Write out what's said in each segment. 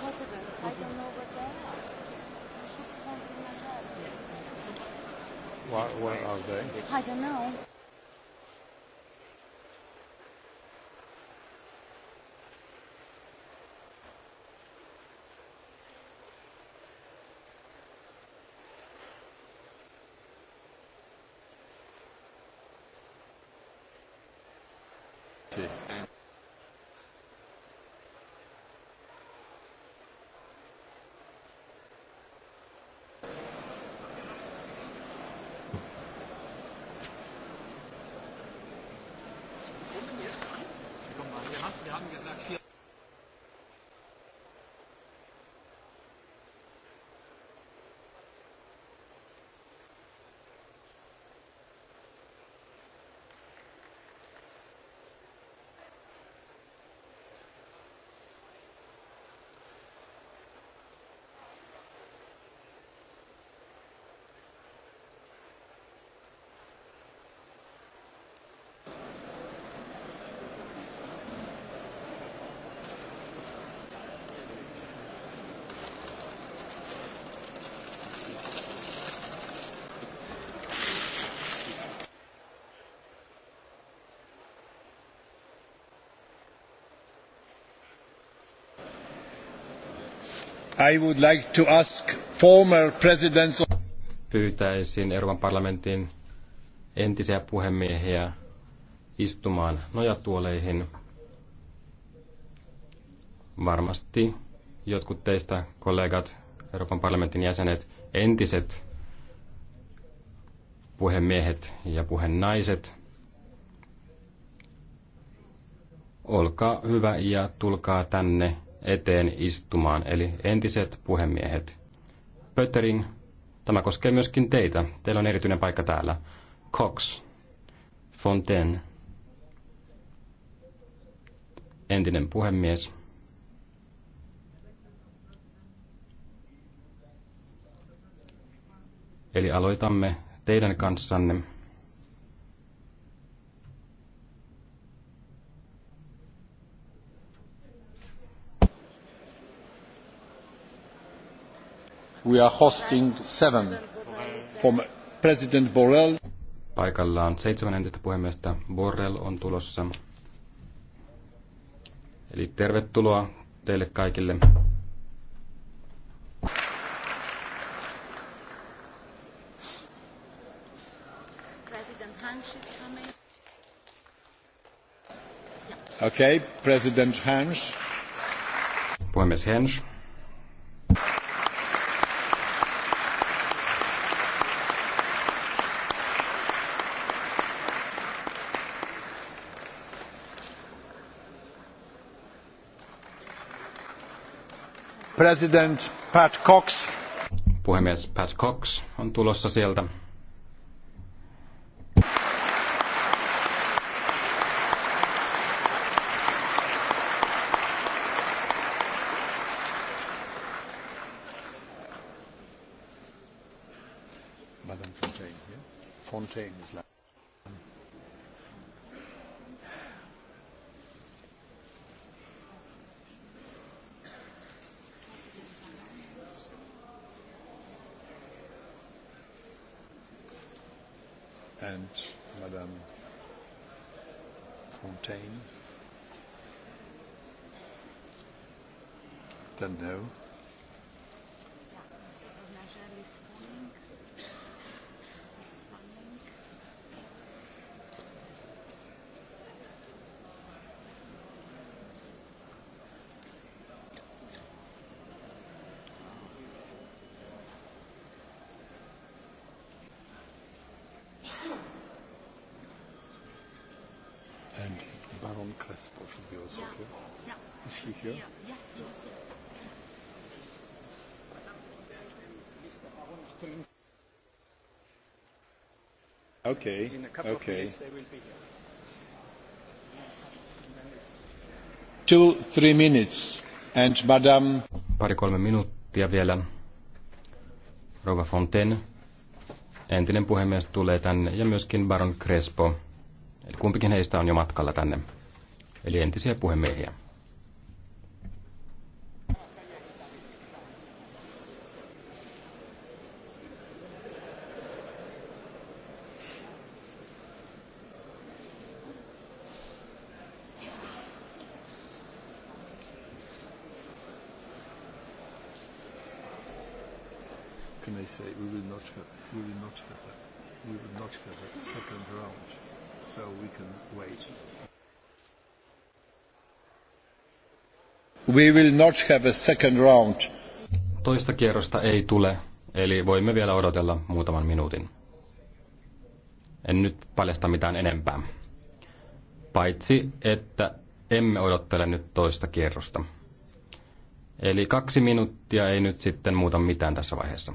president. I don't know what they are. You should What, what are they? I don't know. I would like to ask former presidents... Pyytäisin Euroopan parlamentin entisiä puhemiehiä istumaan nojatuoleihin. Varmasti jotkut teistä kollegat, Euroopan parlamentin jäsenet, entiset puhemiehet ja puheennaiset, olkaa hyvä ja tulkaa tänne eteen istumaan, eli entiset puhemiehet. Pöttering, tämä koskee myöskin teitä. Teillä on erityinen paikka täällä. Cox, Fontaine, entinen puhemies. Eli aloitamme teidän kanssanne. We are hosting seven from President Borrell. Paikalla on seitsemän entistä puhemiestä. Borrell on tulossa. Eli tervetuloa teille kaikille. Okay, President Hans. Puhemies Hensch. President Pat Cox. Puhemies Pat Cox on tulossa sieltä. Okay. In a couple okay. of minutes they will be here. Two, three minutes. And Madame... Pari-kolme minuuttia vielä. Rova Fontaine, entinen puhemies, tulee tänne ja myöskin Baron Crespo. Eli kumpikin heistä on jo matkalla tänne. Eli entisiä puhemiehiä. not have, we will not have a, we will not have a second round, so we can wait. We will not have a second round. Toista kierrosta ei tule, eli voimme vielä odotella muutaman minuutin. En nyt paljasta mitään enempää. Paitsi, että emme odottele nyt toista kierrosta. Eli kaksi minuuttia ei nyt sitten muuta mitään tässä vaiheessa.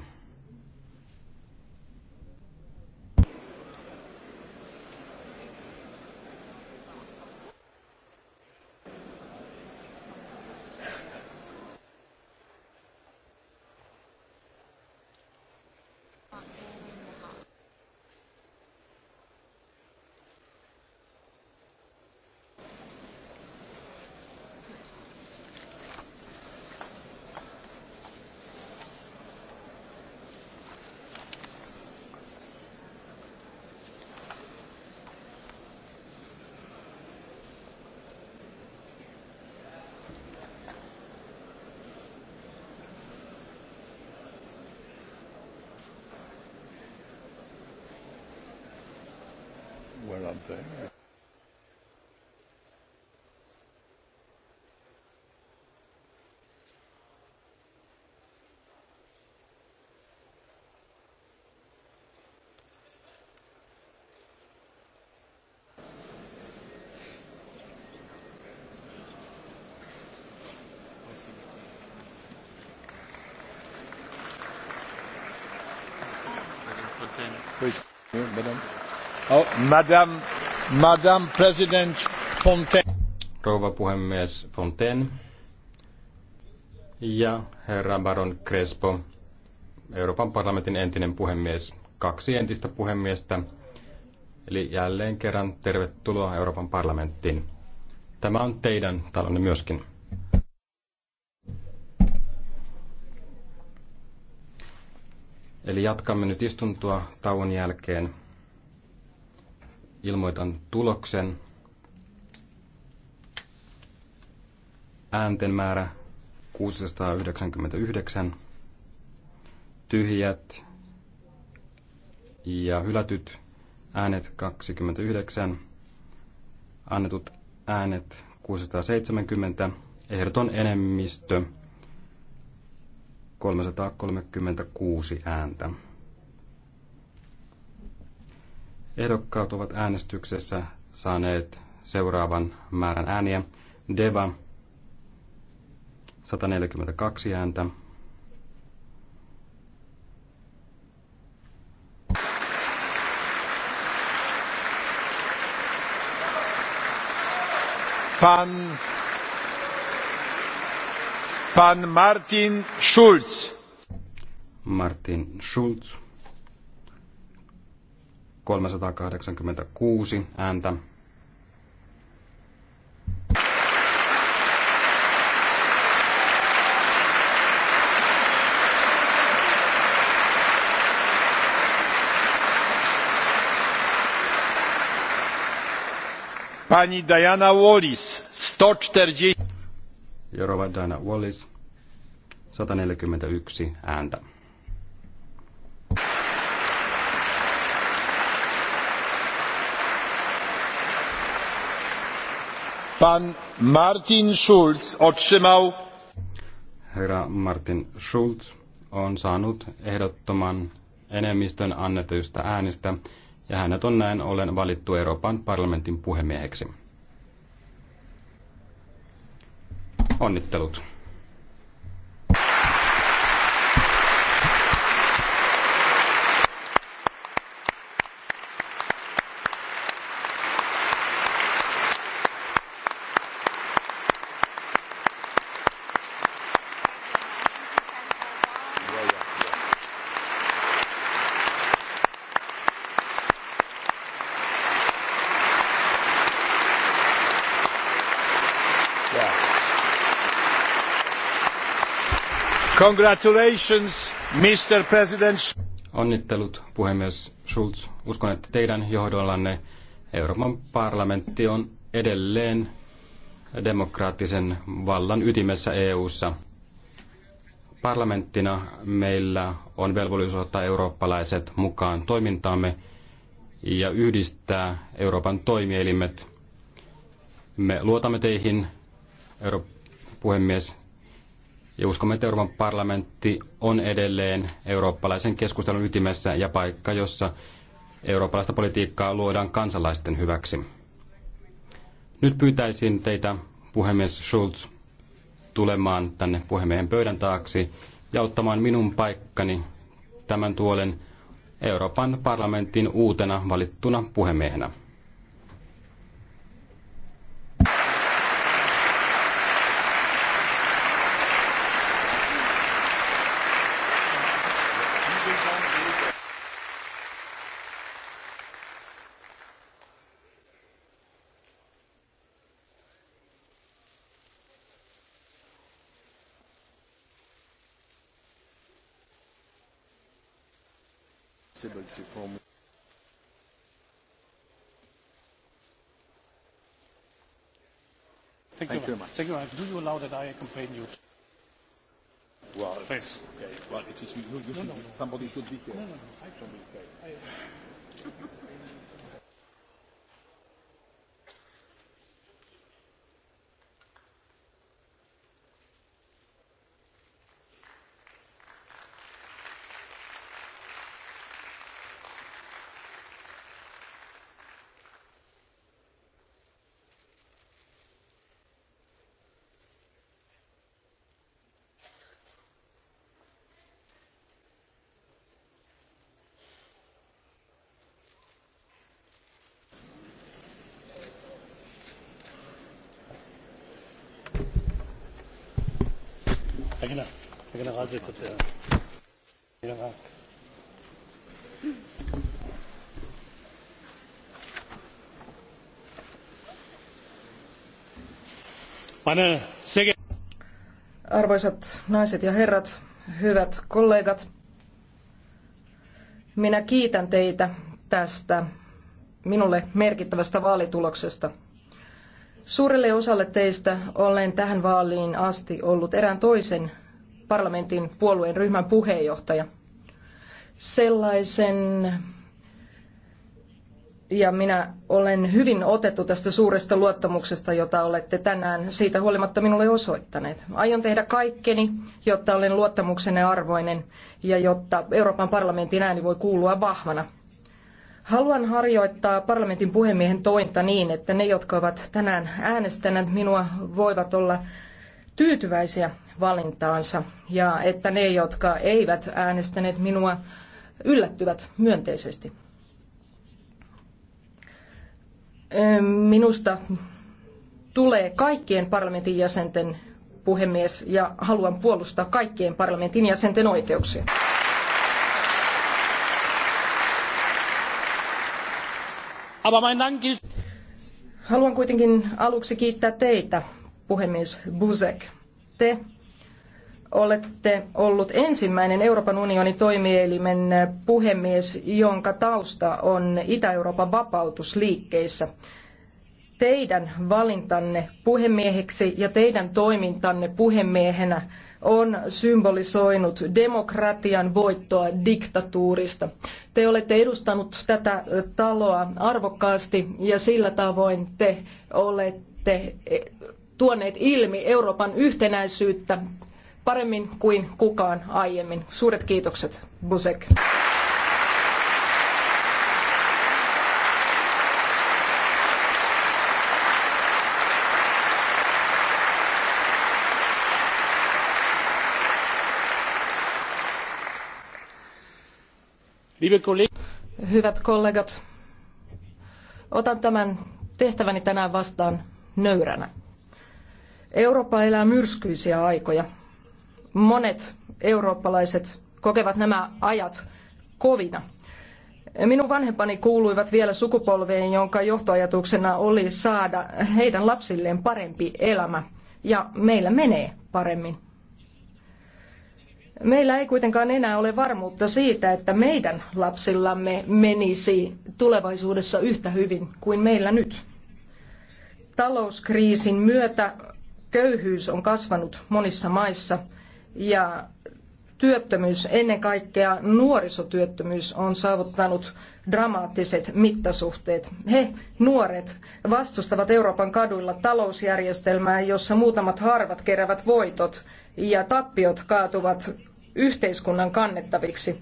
Fontaine. Rouva puhemies Fontaine ja herra Baron Crespo, Euroopan parlamentin entinen puhemies, kaksi entistä puhemiestä. Eli jälleen kerran tervetuloa Euroopan parlamenttiin. Tämä on teidän talonne myöskin. Eli jatkamme nyt istuntoa tauon jälkeen. Ilmoitan tuloksen. Äänten määrä 699. Tyhjät ja hylätyt äänet 29. Annetut äänet 670. Ehdoton enemmistö 336 ääntä. Ehdokkaat ovat äänestyksessä saaneet seuraavan määrän ääniä. Deva 142 ääntä. Pan Pan Martin Schulz. Martin Schulz. 386 ääntä. Pani Diana Wallis 140 Jorova Dana Wallis, 141 ääntä. Pan Martin Schulz otrzymał... Herra Martin Schulz on saanut ehdottoman enemmistön annetuista äänistä ja hänet on näin ollen valittu Euroopan parlamentin puhemieheksi. Onnittelut. Congratulations, Mr. President. Onnittelut, puhemies Schulz. Uskon, että teidän johdollanne Euroopan parlamentti on edelleen demokraattisen vallan ytimessä EU:ssa. Parlamenttina meillä on velvollisuus ottaa eurooppalaiset mukaan toimintaamme ja yhdistää Euroopan toimielimet. Me luotamme teihin, puhemies, ja uskomme, että Euroopan parlamentti on edelleen eurooppalaisen keskustelun ytimessä ja paikka, jossa eurooppalaista politiikkaa luodaan kansalaisten hyväksi. Nyt pyytäisin teitä, puhemies Schulz, tulemaan tänne puhemiehen pöydän taaksi ja ottamaan minun paikkani tämän tuolen Euroopan parlamentin uutena valittuna puhemiehenä. Grazie come Thank, Thank you very much. Thank you very much. Do you allow that I accompany you? Well, Please. Okay. Well, it is you. you no, should, no, no. Somebody should be here. No, no, no. I, somebody I, I, herr generalsekretär! arvoisat naiset ja herrat hyvät kollegat minä kiitän teitä tästä minulle merkittävästä vaalituloksesta. Suurelle osalle teistä olen tähän vaaliin asti ollut erään toisen parlamentin puolueen ryhmän puheenjohtaja. Sellaisen ja minä olen hyvin otettu tästä suuresta luottamuksesta, jota olette tänään siitä huolimatta minulle osoittaneet. Aion tehdä kaikkeni, jotta olen luottamuksenne arvoinen ja jotta Euroopan parlamentin ääni voi kuulua vahvana. Haluan harjoittaa parlamentin puhemiehen tointa niin, että ne, jotka ovat tänään äänestäneet minua, voivat olla tyytyväisiä valintaansa ja että ne, jotka eivät äänestäneet minua, yllättyvät myönteisesti. Minusta tulee kaikkien parlamentin jäsenten puhemies ja haluan puolustaa kaikkien parlamentin jäsenten oikeuksia. Haluan kuitenkin aluksi kiittää teitä, puhemies Buzek. Te olette ollut ensimmäinen Euroopan unionin toimielimen puhemies, jonka tausta on Itä-Euroopan vapautusliikkeissä. Teidän valintanne puhemieheksi ja teidän toimintanne puhemiehenä on symbolisoinut demokratian voittoa diktatuurista. Te olette edustanut tätä eh, taloa arvokkaasti ja sillä tavoin te olette eh, tuoneet ilmi Euroopan yhtenäisyyttä paremmin kuin kukaan aiemmin. Suuret kiitokset, Busek. Hyvät kollegat, otan tämän tehtäväni tänään vastaan nöyränä. Eurooppa elää myrskyisiä aikoja. Monet eurooppalaiset kokevat nämä ajat kovina. Minun vanhempani kuuluivat vielä sukupolveen, jonka johtoajatuksena oli saada heidän lapsilleen parempi elämä. Ja meillä menee paremmin. Meillä ei kuitenkaan enää ole varmuutta siitä, että meidän lapsillamme menisi tulevaisuudessa yhtä hyvin kuin meillä nyt. Talouskriisin myötä köyhyys on kasvanut monissa maissa ja työttömyys, ennen kaikkea nuorisotyöttömyys, on saavuttanut dramaattiset mittasuhteet. He, nuoret, vastustavat Euroopan kaduilla talousjärjestelmää, jossa muutamat harvat keräävät voitot ja tappiot kaatuvat yhteiskunnan kannettaviksi.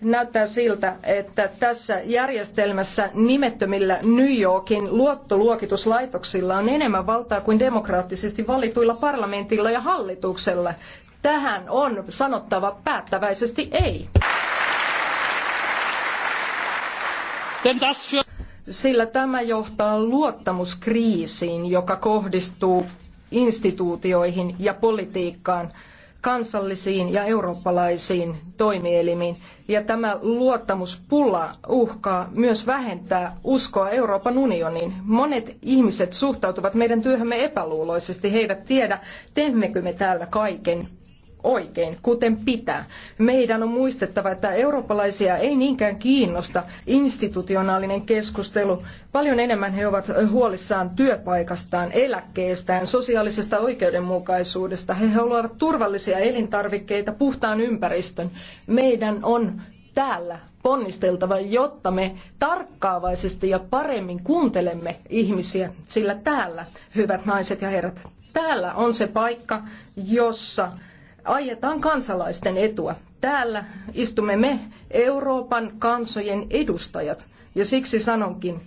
Näyttää siltä, että tässä järjestelmässä nimettömillä New Yorkin luottoluokituslaitoksilla on enemmän valtaa kuin demokraattisesti valituilla parlamentilla ja hallituksella. Tähän on sanottava päättäväisesti ei. Sillä tämä johtaa luottamuskriisiin, joka kohdistuu instituutioihin ja politiikkaan, kansallisiin ja eurooppalaisiin toimielimiin. Ja tämä luottamuspula uhkaa myös vähentää uskoa Euroopan unioniin. Monet ihmiset suhtautuvat meidän työhömme epäluuloisesti. He eivät tiedä, teemmekö me täällä kaiken oikein, kuten pitää. Meidän on muistettava, että eurooppalaisia ei niinkään kiinnosta institutionaalinen keskustelu. Paljon enemmän he ovat huolissaan työpaikastaan, eläkkeestään, sosiaalisesta oikeudenmukaisuudesta. He haluavat turvallisia elintarvikkeita, puhtaan ympäristön. Meidän on täällä ponnisteltava, jotta me tarkkaavaisesti ja paremmin kuuntelemme ihmisiä, sillä täällä, hyvät naiset ja herrat, täällä on se paikka, jossa ajetaan kansalaisten etua. Täällä istumme me, Euroopan kansojen edustajat, ja siksi sanonkin,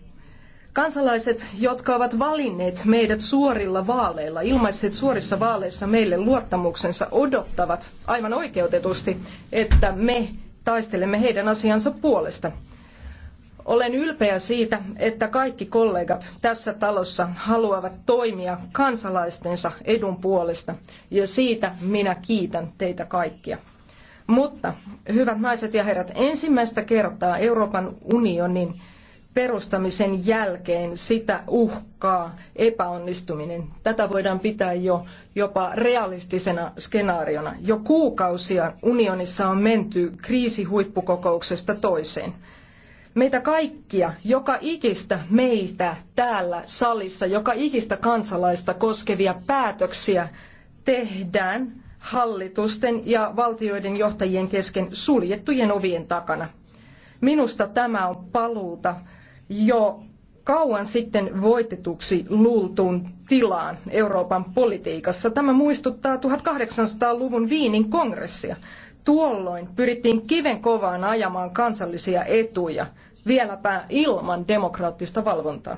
Kansalaiset, jotka ovat valinneet meidät suorilla vaaleilla, ilmaisseet suorissa vaaleissa meille luottamuksensa, odottavat aivan oikeutetusti, että me taistelemme heidän asiansa puolesta. Olen ylpeä siitä, että kaikki kollegat tässä talossa haluavat toimia kansalaistensa edun puolesta ja siitä minä kiitän teitä kaikkia. Mutta, hyvät naiset ja herrat, ensimmäistä kertaa Euroopan unionin perustamisen jälkeen sitä uhkaa epäonnistuminen. Tätä voidaan pitää jo jopa realistisena skenaariona. Jo kuukausia unionissa on menty kriisihuippukokouksesta toiseen meitä kaikkia, joka ikistä meistä täällä salissa, joka ikistä kansalaista koskevia päätöksiä tehdään hallitusten ja valtioiden johtajien kesken suljettujen ovien takana. Minusta tämä on paluuta jo kauan sitten voitetuksi luultuun tilaan Euroopan politiikassa. Tämä muistuttaa 1800-luvun Viinin kongressia. Tuolloin pyrittiin kiven kovaan ajamaan kansallisia etuja, vieläpä ilman demokraattista valvontaa.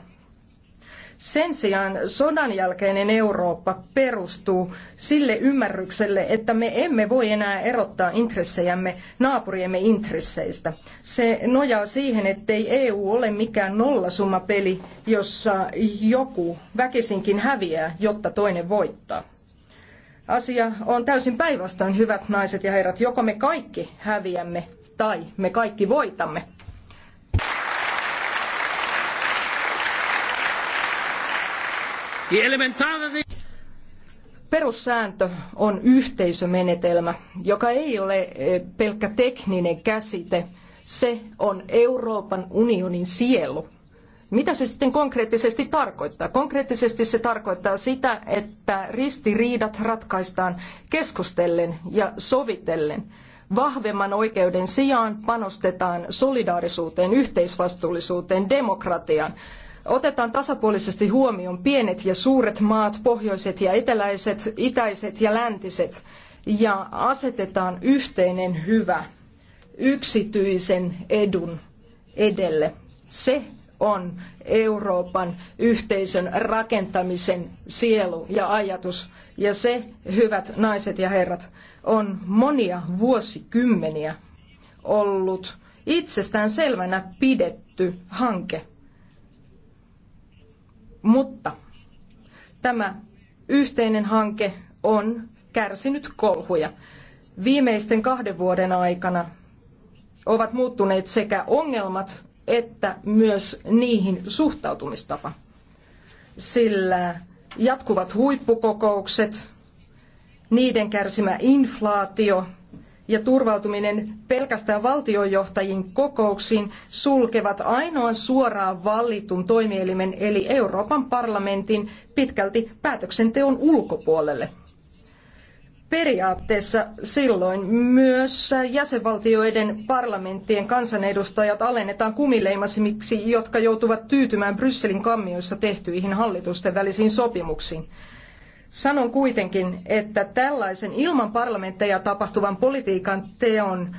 Sen sijaan sodanjälkeinen Eurooppa perustuu sille ymmärrykselle, että me emme voi enää erottaa intressejämme naapuriemme intresseistä. Se nojaa siihen, ettei EU ole mikään nollasummapeli, jossa joku väkisinkin häviää, jotta toinen voittaa. Asia on täysin päinvastoin, hyvät naiset ja herrat. Joko me kaikki häviämme tai me kaikki voitamme. Perussääntö on yhteisömenetelmä, joka ei ole eh, pelkkä tekninen käsite. Se on Euroopan unionin sielu. Mitä se sitten konkreettisesti tarkoittaa? Konkreettisesti se tarkoittaa sitä, että ristiriidat ratkaistaan keskustellen ja sovitellen. Vahvemman oikeuden sijaan panostetaan solidaarisuuteen, yhteisvastuullisuuteen, demokratiaan. Otetaan tasapuolisesti huomioon pienet ja suuret maat, pohjoiset ja eteläiset, itäiset ja läntiset, ja asetetaan yhteinen hyvä yksityisen edun edelle. Se on Euroopan yhteisön rakentamisen sielu ja ajatus. Ja se, hyvät naiset ja herrat, on monia vuosikymmeniä ollut itsestään selvänä pidetty hanke. Mutta tämä yhteinen hanke on kärsinyt kolhuja. Viimeisten kahden vuoden aikana ovat muuttuneet sekä ongelmat että myös niihin suhtautumistapa. Sillä jatkuvat huippukokoukset, niiden kärsimä inflaatio ja turvautuminen pelkästään valtionjohtajien kokouksiin sulkevat ainoan suoraan valitun toimielimen eli Euroopan parlamentin pitkälti päätöksenteon ulkopuolelle. Periaatteessa silloin myös jäsenvaltioiden parlamenttien kansanedustajat alennetaan kumileimasimiksi, jotka joutuvat tyytymään Brysselin kammioissa tehtyihin hallitusten välisiin sopimuksiin. Sanon kuitenkin, että tällaisen ilman parlamentteja tapahtuvan politiikan teon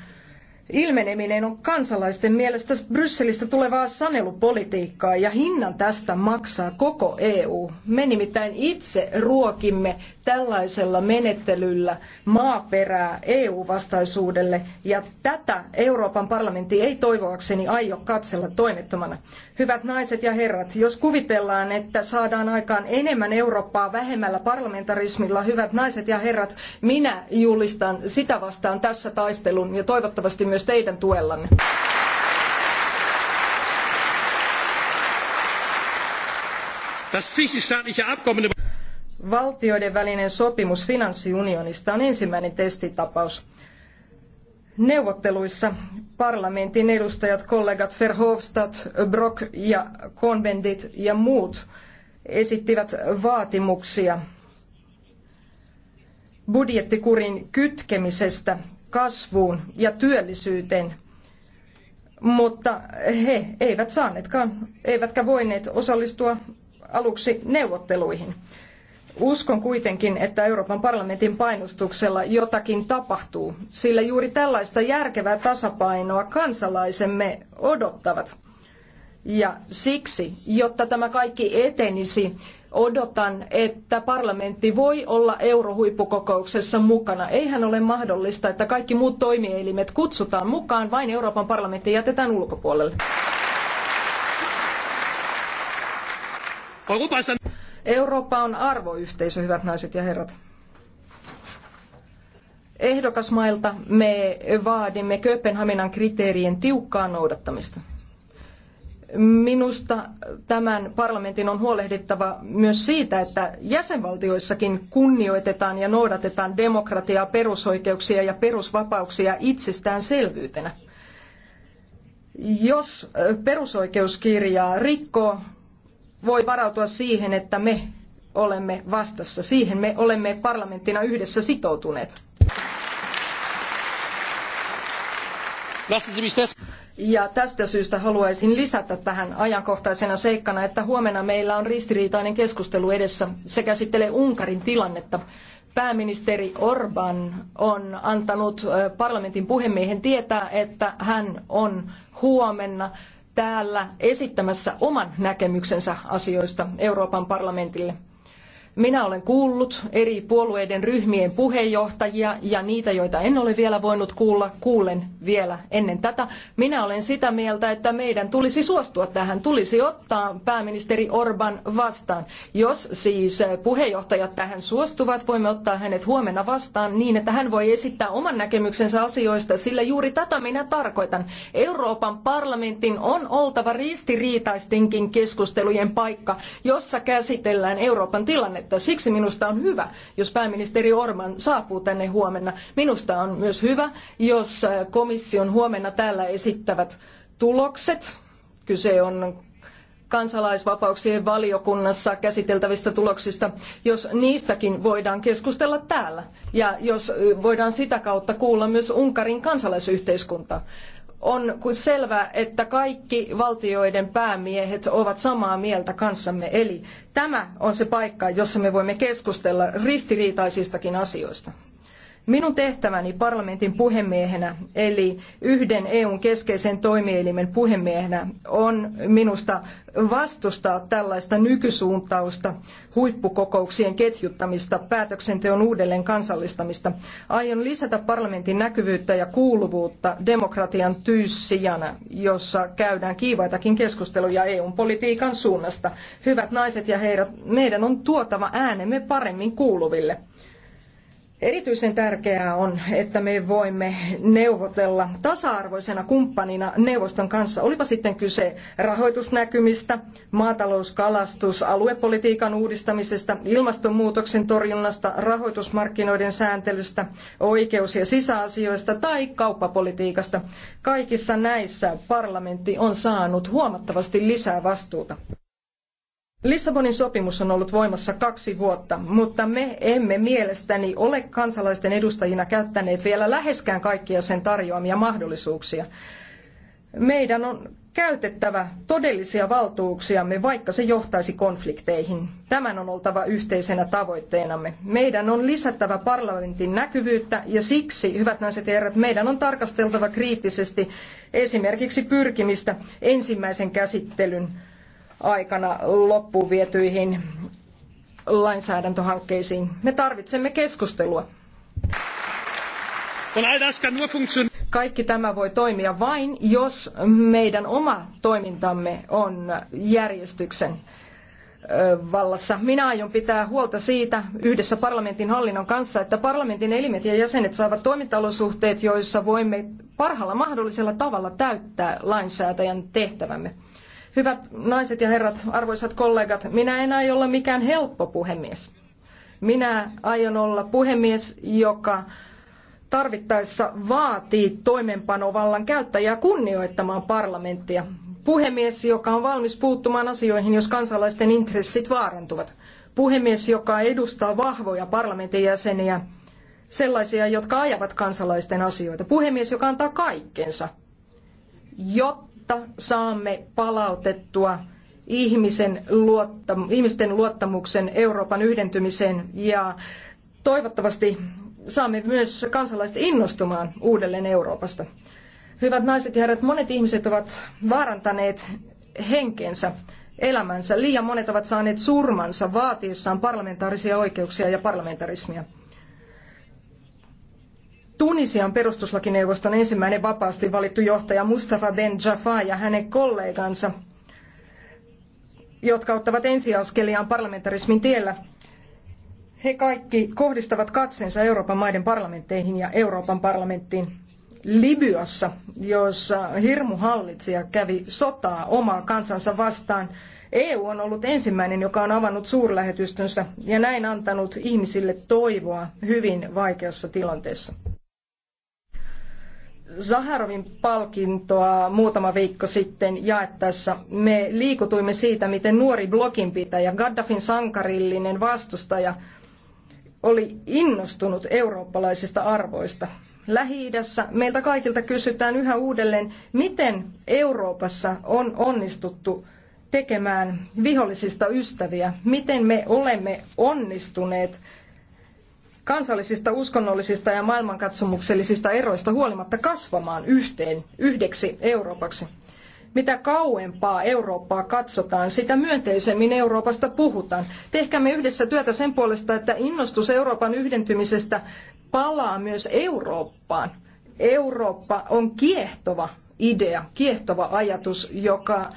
ilmeneminen on kansalaisten mielestä Brysselistä tulevaa sanelupolitiikkaa ja hinnan tästä maksaa koko EU. Me nimittäin itse ruokimme tällaisella menettelyllä maaperää EU-vastaisuudelle ja tätä Euroopan parlamentti ei toivoakseni aio katsella toimettomana. Hyvät naiset ja herrat, jos kuvitellaan, että saadaan aikaan enemmän Eurooppaa vähemmällä parlamentarismilla, hyvät naiset ja herrat, minä julistan sitä vastaan tässä taistelun ja toivottavasti myös myös teidän tuellanne. Valtioiden välinen sopimus finanssiunionista on ensimmäinen testitapaus. Neuvotteluissa parlamentin edustajat, kollegat Verhofstadt, Brok ja Convendit ja muut esittivät vaatimuksia budjettikurin kytkemisestä kasvuun ja työllisyyteen, mutta he eivät saaneetkaan, eivätkä voineet osallistua aluksi neuvotteluihin. Uskon kuitenkin, että Euroopan parlamentin painostuksella jotakin tapahtuu, sillä juuri tällaista järkevää tasapainoa kansalaisemme odottavat. Ja siksi, jotta tämä kaikki etenisi, Odotan, että parlamentti voi olla eurohuippukokouksessa mukana. Eihän ole mahdollista, että kaikki muut toimielimet kutsutaan mukaan, vain Euroopan parlamentti jätetään ulkopuolelle. Eurooppa on arvoyhteisö, hyvät naiset ja herrat. Ehdokasmailta me vaadimme Kööpenhaminan kriteerien tiukkaa noudattamista. Minusta tämän parlamentin on huolehdittava myös siitä, että jäsenvaltioissakin kunnioitetaan ja noudatetaan demokratiaa, perusoikeuksia ja perusvapauksia itsestäänselvyytenä. Jos perusoikeuskirjaa rikkoo, voi varautua siihen, että me olemme vastassa. Siihen me olemme parlamenttina yhdessä sitoutuneet. Ja tästä syystä haluaisin lisätä tähän ajankohtaisena seikkana, että huomenna meillä on ristiriitainen keskustelu edessä. Se käsittelee Unkarin tilannetta. Pääministeri Orban on antanut parlamentin puhemiehen tietää, että hän on huomenna täällä esittämässä oman näkemyksensä asioista Euroopan parlamentille. Minä olen kuullut eri puolueiden ryhmien puheenjohtajia ja niitä, joita en ole vielä voinut kuulla, kuulen vielä ennen tätä. Minä olen sitä mieltä, että meidän tulisi suostua tähän, tulisi ottaa pääministeri Orban vastaan. Jos siis puheenjohtajat tähän suostuvat, voimme ottaa hänet huomenna vastaan niin, että hän voi esittää oman näkemyksensä asioista, sillä juuri tätä minä tarkoitan. Euroopan parlamentin on oltava ristiriitaistenkin keskustelujen paikka, jossa käsitellään Euroopan tilannetta haittaa. Siksi minusta on hyvä, jos pääministeri Orman saapuu tänne huomenna. Minusta on myös hyvä, jos komission huomenna täällä esittävät tulokset, kyse on kansalaisvapauksien valiokunnassa käsiteltävistä tuloksista, jos niistäkin voidaan keskustella täällä ja jos voidaan sitä kautta kuulla myös Unkarin kansalaisyhteiskuntaa on kuin selvää, että kaikki valtioiden päämiehet ovat samaa mieltä kanssamme. Eli tämä on se paikka, jossa me voimme keskustella ristiriitaisistakin asioista. Minun tehtäväni parlamentin puhemiehenä, eli yhden EUn keskeisen toimielimen puhemiehenä, on minusta vastustaa tällaista nykysuuntausta, huippukokouksien ketjuttamista, päätöksenteon uudelleen kansallistamista. Aion lisätä parlamentin näkyvyyttä ja kuuluvuutta demokratian tyyssijana, jossa käydään kiivaitakin keskusteluja EUn politiikan suunnasta. Hyvät naiset ja herrat, meidän on tuotava äänemme paremmin kuuluville. Erityisen tärkeää on, että me voimme neuvotella tasa-arvoisena kumppanina neuvoston kanssa. Olipa sitten kyse rahoitusnäkymistä, maatalous-, kalastus-, aluepolitiikan uudistamisesta, ilmastonmuutoksen torjunnasta, rahoitusmarkkinoiden sääntelystä, oikeus- ja sisäasioista tai kauppapolitiikasta. Kaikissa näissä parlamentti on saanut huomattavasti lisää vastuuta. Lissabonin sopimus on ollut voimassa kaksi vuotta, mutta me emme mielestäni ole kansalaisten edustajina käyttäneet vielä läheskään kaikkia sen tarjoamia mahdollisuuksia. Meidän on käytettävä todellisia valtuuksiamme, vaikka se johtaisi konflikteihin. Tämän on oltava yhteisenä tavoitteenamme. Meidän on lisättävä parlamentin näkyvyyttä ja siksi, hyvät naiset ja herrat, meidän on tarkasteltava kriittisesti esimerkiksi pyrkimistä ensimmäisen käsittelyn aikana loppuvietyihin lainsäädäntöhankkeisiin. Me tarvitsemme keskustelua. Kaikki tämä voi toimia vain, jos meidän oma toimintamme on järjestyksen vallassa. Minä aion pitää huolta siitä yhdessä parlamentin hallinnon kanssa, että parlamentin elimet ja jäsenet saavat toimintalosuhteet, joissa voimme parhaalla mahdollisella tavalla täyttää lainsäätäjän tehtävämme. Hyvät naiset ja herrat, arvoisat kollegat, minä en aio olla mikään helppo puhemies. Minä aion olla puhemies, joka tarvittaessa vaatii toimenpanovallan käyttäjää kunnioittamaan parlamenttia. Puhemies, joka on valmis puuttumaan asioihin, jos kansalaisten intressit vaarantuvat. Puhemies, joka edustaa vahvoja parlamentin jäseniä, sellaisia, jotka ajavat kansalaisten asioita. Puhemies, joka antaa kaikkensa, jotta jotta saamme palautettua ihmisten luottamuksen Euroopan yhdentymiseen ja toivottavasti saamme myös kansalaiset innostumaan uudelleen Euroopasta. Hyvät naiset ja herrat, monet ihmiset ovat vaarantaneet henkensä, elämänsä. Liian monet ovat saaneet surmansa vaatiessaan parlamentaarisia oikeuksia ja parlamentarismia. Tunisian perustuslakineuvoston ensimmäinen vapaasti valittu johtaja Mustafa Ben Jaffa ja hänen kollegansa, jotka ottavat ensiaskeliaan parlamentarismin tiellä. He kaikki kohdistavat katseensa Euroopan maiden parlamentteihin ja Euroopan parlamenttiin. Libyassa, jossa hirmuhallitsija kävi sotaa omaa kansansa vastaan, EU on ollut ensimmäinen, joka on avannut suurlähetystönsä ja näin antanut ihmisille toivoa hyvin vaikeassa tilanteessa. Zaharovin palkintoa muutama viikko sitten jaettaessa me liikutuimme siitä, miten nuori bloginpitäjä, Gaddafin sankarillinen vastustaja, oli innostunut eurooppalaisista arvoista. Lähi-idässä meiltä kaikilta kysytään yhä uudelleen, miten Euroopassa on onnistuttu tekemään vihollisista ystäviä, miten me olemme onnistuneet kansallisista, uskonnollisista ja maailmankatsomuksellisista eroista huolimatta kasvamaan yhteen, yhdeksi Euroopaksi. Mitä kauempaa Eurooppaa katsotaan, sitä myönteisemmin Euroopasta puhutaan. Tehkäämme yhdessä työtä sen puolesta, että innostus Euroopan yhdentymisestä palaa myös Eurooppaan. Eurooppa on kiehtova idea, kiehtova ajatus, joka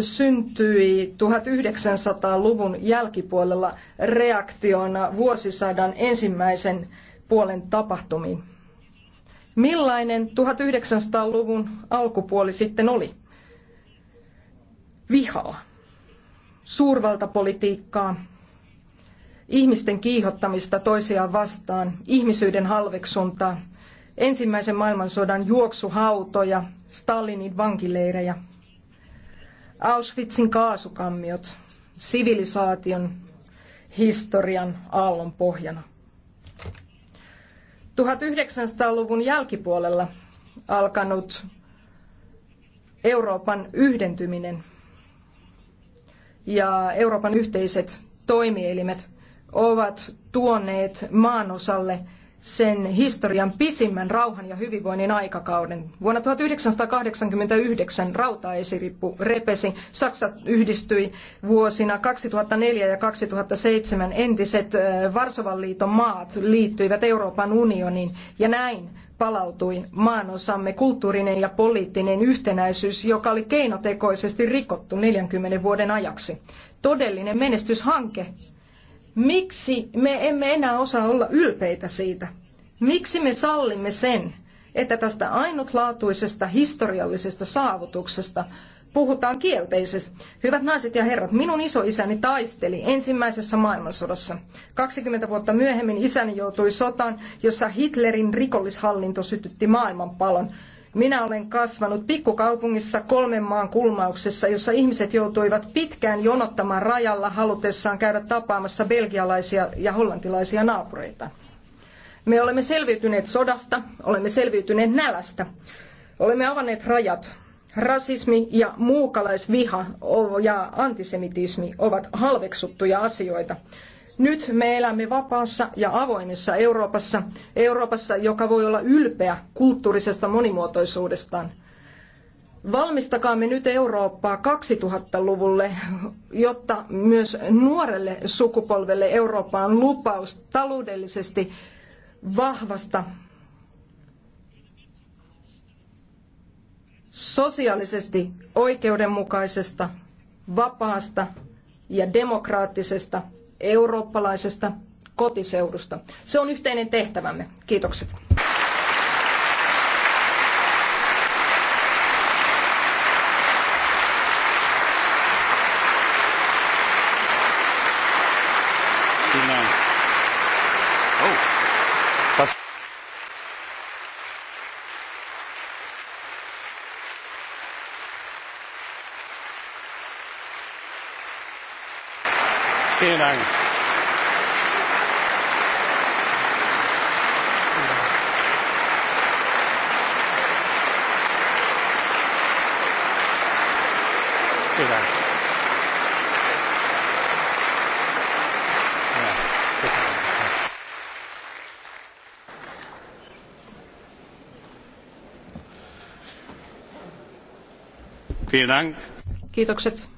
syntyi 1900-luvun jälkipuolella reaktiona vuosisadan ensimmäisen puolen tapahtumiin. Millainen 1900-luvun alkupuoli sitten oli? Vihaa, suurvaltapolitiikkaa, ihmisten kiihottamista toisiaan vastaan, ihmisyyden halveksuntaa, ensimmäisen maailmansodan juoksuhautoja, Stalinin vankileirejä – Auschwitzin kaasukammiot sivilisaation historian aallon pohjana. 1900-luvun jälkipuolella alkanut Euroopan yhdentyminen ja Euroopan yhteiset toimielimet ovat tuoneet maanosalle sen historian pisimmän rauhan ja hyvinvoinnin aikakauden. Vuonna 1989 rautaesirippu repesi. Saksa yhdistyi vuosina 2004 ja 2007. Entiset Varsovan liiton maat liittyivät Euroopan unioniin ja näin palautui maanosamme kulttuurinen ja poliittinen yhtenäisyys, joka oli keinotekoisesti rikottu 40 vuoden ajaksi. Todellinen menestyshanke Miksi me emme enää osaa olla ylpeitä siitä? Miksi me sallimme sen, että tästä ainutlaatuisesta historiallisesta saavutuksesta puhutaan kielteisesti. Hyvät naiset ja herrat, minun isoisäni taisteli ensimmäisessä maailmansodassa. 20 vuotta myöhemmin isäni joutui sotaan, jossa Hitlerin rikollishallinto sytytti maailmanpalon. Minä olen kasvanut pikkukaupungissa kolmen maan kulmauksessa, jossa ihmiset joutuivat pitkään jonottamaan rajalla halutessaan käydä tapaamassa belgialaisia ja hollantilaisia naapureita. Me olemme selviytyneet sodasta, olemme selviytyneet nälästä, olemme avanneet rajat. Rasismi ja muukalaisviha ja antisemitismi ovat halveksuttuja asioita. Nyt me elämme vapaassa ja avoimessa Euroopassa, Euroopassa, joka voi olla ylpeä kulttuurisesta monimuotoisuudestaan. Valmistakaamme nyt Eurooppaa 2000-luvulle, jotta myös nuorelle sukupolvelle Eurooppa on lupaus taloudellisesti vahvasta, sosiaalisesti oikeudenmukaisesta, vapaasta ja demokraattisesta eurooppalaisesta kotiseudusta. Se on yhteinen tehtävämme. Kiitokset. Vielen Dank. Vielen Dank. Kiitokset.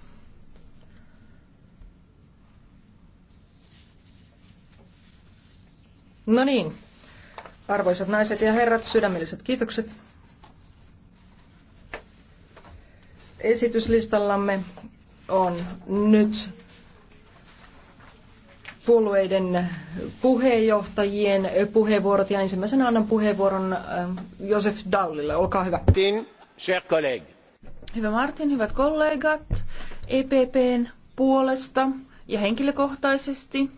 No niin, arvoisat naiset ja herrat, sydämelliset kiitokset. Esityslistallamme on nyt puolueiden puheenjohtajien puheenvuorot ja ensimmäisenä annan puheenvuoron äh, Josef Daulille. Olkaa hyvä. Martin, cher collègue. Hyvä Martin, hyvät kollegat, EPPn puolesta ja henkilökohtaisesti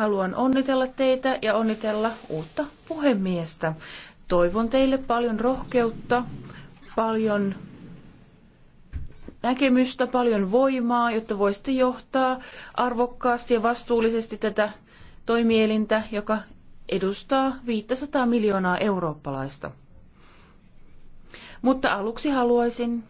Haluan onnitella teitä ja onnitella uutta puhemiestä. Toivon teille paljon rohkeutta, paljon näkemystä, paljon voimaa, jotta voisitte johtaa arvokkaasti ja vastuullisesti tätä toimielintä, joka edustaa 500 miljoonaa eurooppalaista. Mutta aluksi haluaisin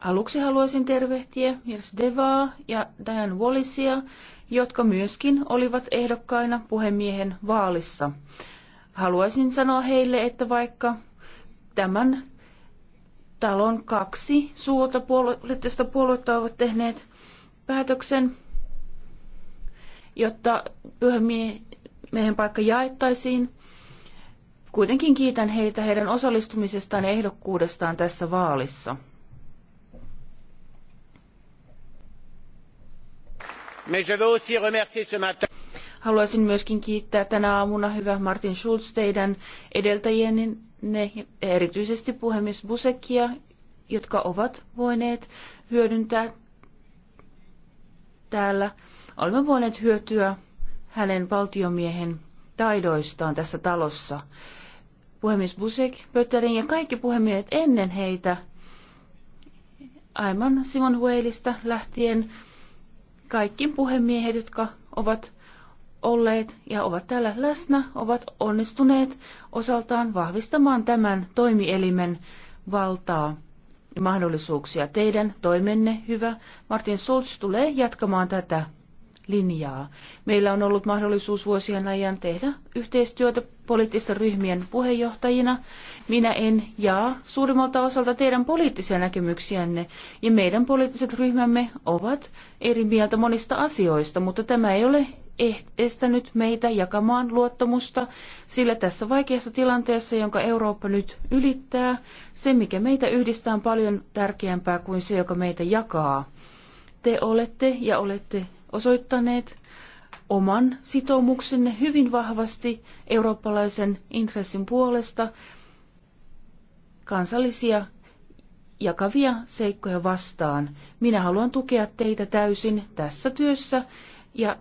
Aluksi haluaisin tervehtiä Jens Devaa ja Diane Wallisia, jotka myöskin olivat ehdokkaina puhemiehen vaalissa. Haluaisin sanoa heille, että vaikka tämän talon kaksi suurta poliittista puoluetta ovat tehneet päätöksen, jotta puhemiehen paikka jaettaisiin, kuitenkin kiitän heitä heidän osallistumisestaan ja ehdokkuudestaan tässä vaalissa. Haluaisin myös kiittää tänä aamuna hyvä Martin Schulz teidän edeltäjienne ja erityisesti puhemies Busekia, jotka ovat voineet hyödyntää täällä. Olemme voineet hyötyä hänen valtiomiehen taidoistaan tässä talossa. Puhemies Busek, Pötterin ja kaikki puhemiehet ennen heitä, aivan Simon Whaleista lähtien, kaikki puhemiehet, jotka ovat olleet ja ovat täällä läsnä, ovat onnistuneet osaltaan vahvistamaan tämän toimielimen valtaa ja mahdollisuuksia. Teidän toimenne, hyvä Martin Schulz, tulee jatkamaan tätä linjaa. Meillä on ollut mahdollisuus vuosien ajan tehdä yhteistyötä poliittisten ryhmien puheenjohtajina. Minä en jaa suurimmalta osalta teidän poliittisia näkemyksiänne, ja meidän poliittiset ryhmämme ovat eri mieltä monista asioista, mutta tämä ei ole eh-, estänyt meitä jakamaan luottamusta, sillä tässä vaikeassa tilanteessa, jonka Eurooppa nyt ylittää, se mikä meitä yhdistää on paljon tärkeämpää kuin se, joka meitä jakaa. Te olette ja olette osoittaneet oman sitoumuksenne hyvin vahvasti eurooppalaisen intressin puolesta kansallisia jakavia seikkoja vastaan. Minä haluan tukea teitä täysin tässä työssä ja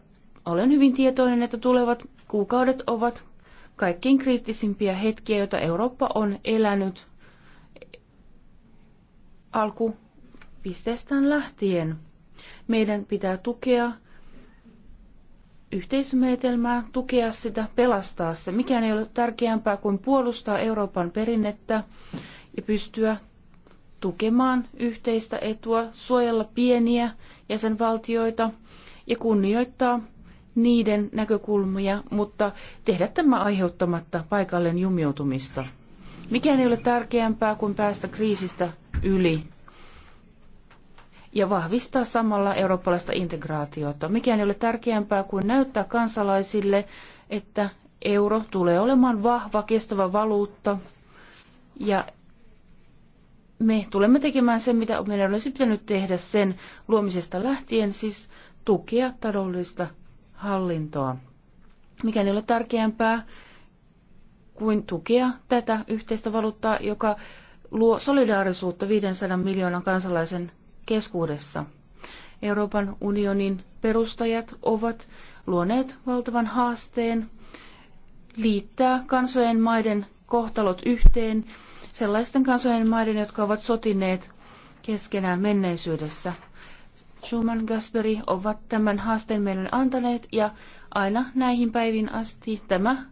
olen hyvin tietoinen, että tulevat kuukaudet ovat kaikkein kriittisimpiä hetkiä, joita Eurooppa on elänyt alkupisteestään lähtien. Meidän pitää tukea yhteismenetelmää, tukea sitä, pelastaa se. Mikään ei ole tärkeämpää kuin puolustaa Euroopan perinnettä ja pystyä tukemaan yhteistä etua, suojella pieniä jäsenvaltioita ja kunnioittaa niiden näkökulmia, mutta tehdä tämä aiheuttamatta paikalleen jumiutumista. Mikään ei ole tärkeämpää kuin päästä kriisistä yli ja vahvistaa samalla eurooppalaista integraatiota. Mikään ei ole tärkeämpää kuin näyttää kansalaisille, että euro tulee olemaan vahva, kestävä valuutta ja me tulemme tekemään sen, mitä meidän olisi pitänyt tehdä sen luomisesta lähtien, siis tukea taloudellista hallintoa. Mikä ei ole tärkeämpää kuin tukea tätä yhteistä valuuttaa, joka luo solidaarisuutta 500 miljoonan kansalaisen keskuudessa. Euroopan unionin perustajat ovat luoneet valtavan haasteen liittää kansojen maiden kohtalot yhteen sellaisten kansojen maiden, jotka ovat sotineet keskenään menneisyydessä. Schumann Gasperi ovat tämän haasteen meille antaneet ja aina näihin päiviin asti tämä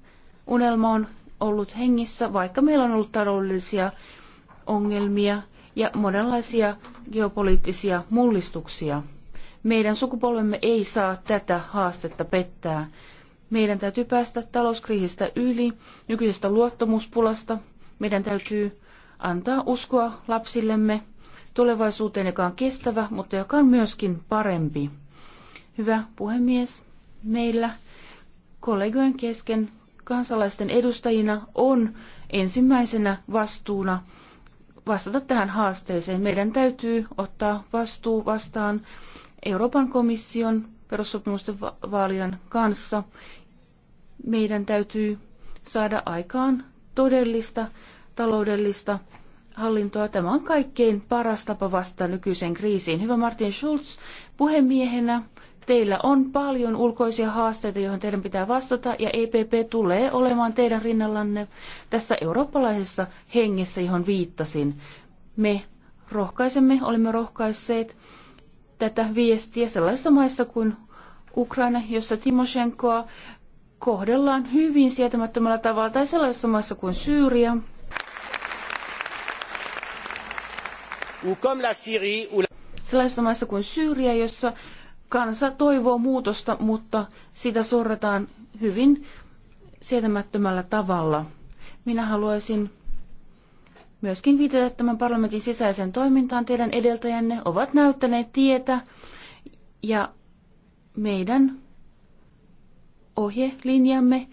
unelma on ollut hengissä, vaikka meillä on ollut taloudellisia ongelmia, ja monenlaisia geopoliittisia mullistuksia. Meidän sukupolvemme ei saa tätä haastetta pettää. Meidän täytyy päästä talouskriisistä yli, nykyisestä luottamuspulasta. Meidän täytyy antaa uskoa lapsillemme tulevaisuuteen, joka on kestävä, mutta joka on myöskin parempi. Hyvä puhemies, meillä kollegojen kesken kansalaisten edustajina on ensimmäisenä vastuuna vastata tähän haasteeseen. Meidän täytyy ottaa vastuu vastaan Euroopan komission perussopimusten vaalien kanssa. Meidän täytyy saada aikaan todellista taloudellista hallintoa. Tämä on kaikkein paras tapa vastata nykyiseen kriisiin. Hyvä Martin Schulz, puhemiehenä Teillä on paljon ulkoisia haasteita, joihin teidän pitää vastata, ja EPP tulee olemaan teidän rinnallanne tässä eurooppalaisessa hengessä, johon viittasin. Me rohkaisemme, olemme rohkaisseet tätä viestiä sellaisissa maissa kuin Ukraina, jossa Timoshenkoa kohdellaan hyvin sietämättömällä tavalla, tai sellaisissa maissa kuin Syyria. Sellaisissa maissa kuin Syyria, jossa Kansa toivoo muutosta, mutta sitä sorretaan hyvin sietämättömällä tavalla. Minä haluaisin myöskin viitata tämän parlamentin sisäiseen toimintaan. Teidän edeltäjänne ovat näyttäneet tietä ja meidän ohjelinjamme,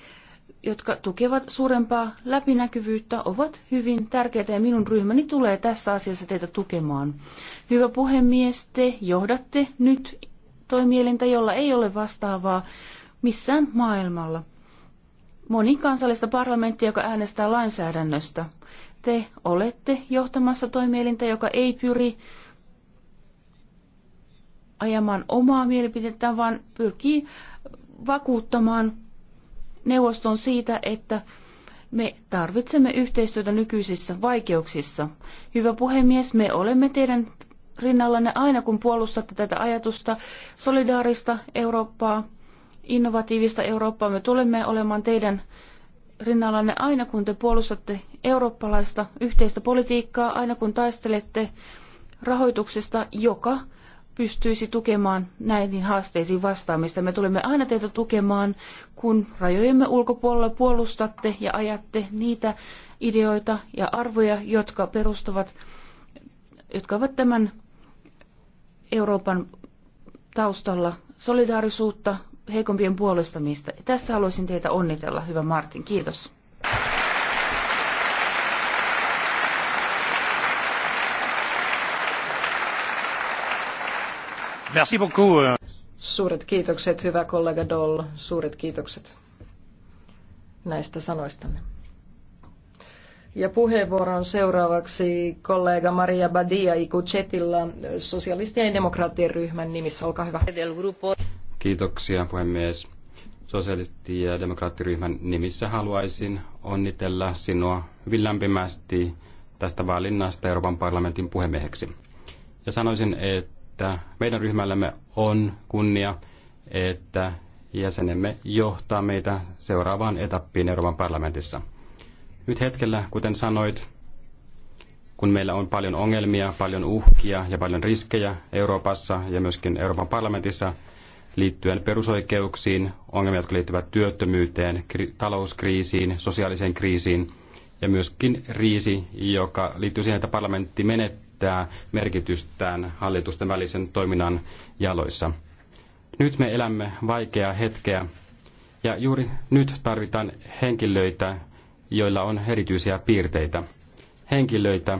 jotka tukevat suurempaa läpinäkyvyyttä, ovat hyvin tärkeitä ja minun ryhmäni tulee tässä asiassa teitä tukemaan. Hyvä puhemies, te johdatte nyt toimielintä, jolla ei ole vastaavaa missään maailmalla. Monikansallista parlamenttia, joka äänestää lainsäädännöstä. Te olette johtamassa toimielintä, joka ei pyri ajamaan omaa mielipidettään, vaan pyrkii vakuuttamaan neuvoston siitä, että me tarvitsemme yhteistyötä nykyisissä vaikeuksissa. Hyvä puhemies, me olemme teidän rinnallanne aina, kun puolustatte tätä ajatusta solidaarista Eurooppaa, innovatiivista Eurooppaa. Me tulemme olemaan teidän rinnallanne aina, kun te puolustatte eurooppalaista yhteistä politiikkaa, aina kun taistelette rahoituksesta, joka pystyisi tukemaan näihin haasteisiin vastaamista. Me tulemme aina teitä tukemaan, kun rajojemme ulkopuolella puolustatte ja ajatte niitä ideoita ja arvoja, jotka perustuvat, jotka ovat tämän Euroopan taustalla solidaarisuutta heikompien puolustamista. Tässä haluaisin teitä onnitella, hyvä Martin. Kiitos. Merci beaucoup. Euh. Suuret kiitokset, hyvä kollega Doll. Suuret kiitokset näistä sanoistanne. Ja puheenvuoron seuraavaksi kollega Maria Badia Ikuchetilla sosialistien ja demokraattien ryhmän nimissä. Olkaa hyvä. Kiitoksia puhemies. Sosialisti- ja demokraattiryhmän nimissä haluaisin onnitella sinua hyvin lämpimästi tästä valinnasta Euroopan parlamentin puhemieheksi. Ja sanoisin, että meidän ryhmällämme on kunnia, että jäsenemme johtaa meitä seuraavaan etappiin Euroopan parlamentissa – nyt hetkellä, kuten sanoit, kun meillä on paljon ongelmia, paljon uhkia ja paljon riskejä Euroopassa ja myöskin Euroopan parlamentissa liittyen perusoikeuksiin, ongelmia, jotka liittyvät työttömyyteen, talouskriisiin, sosiaaliseen kriisiin ja myöskin riisi, joka liittyy siihen, että parlamentti menettää merkitystään hallitusten välisen toiminnan jaloissa. Nyt me elämme vaikeaa hetkeä ja juuri nyt tarvitaan henkilöitä, joilla on erityisiä piirteitä. Henkilöitä,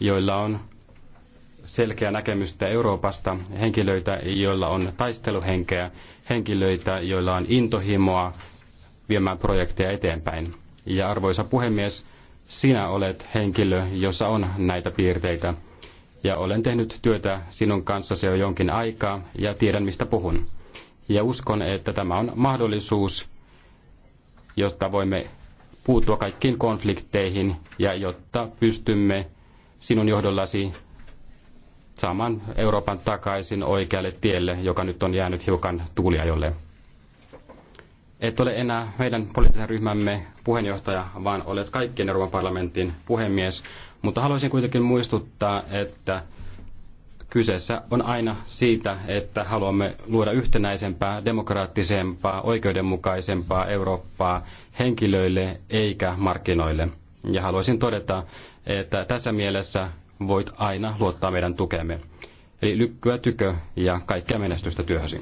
joilla on selkeä näkemystä Euroopasta, henkilöitä, joilla on taisteluhenkeä, henkilöitä, joilla on intohimoa viemään projekteja eteenpäin. Ja arvoisa puhemies, sinä olet henkilö, jossa on näitä piirteitä. Ja olen tehnyt työtä sinun kanssasi jo jonkin aikaa ja tiedän mistä puhun. Ja uskon, että tämä on mahdollisuus, josta voimme puuttua kaikkiin konflikteihin ja jotta pystymme sinun johdollasi saamaan Euroopan takaisin oikealle tielle, joka nyt on jäänyt hiukan tuuliajolle. Et ole enää meidän poliittisen ryhmämme puheenjohtaja, vaan olet kaikkien Euroopan parlamentin puhemies. Mutta haluaisin kuitenkin muistuttaa, että Kyseessä on aina siitä, että haluamme luoda yhtenäisempää, demokraattisempaa, oikeudenmukaisempaa Eurooppaa henkilöille eikä markkinoille. Ja haluaisin todeta, että tässä mielessä voit aina luottaa meidän tukemme. Eli lykkyä tykö ja kaikkea menestystä työhösi.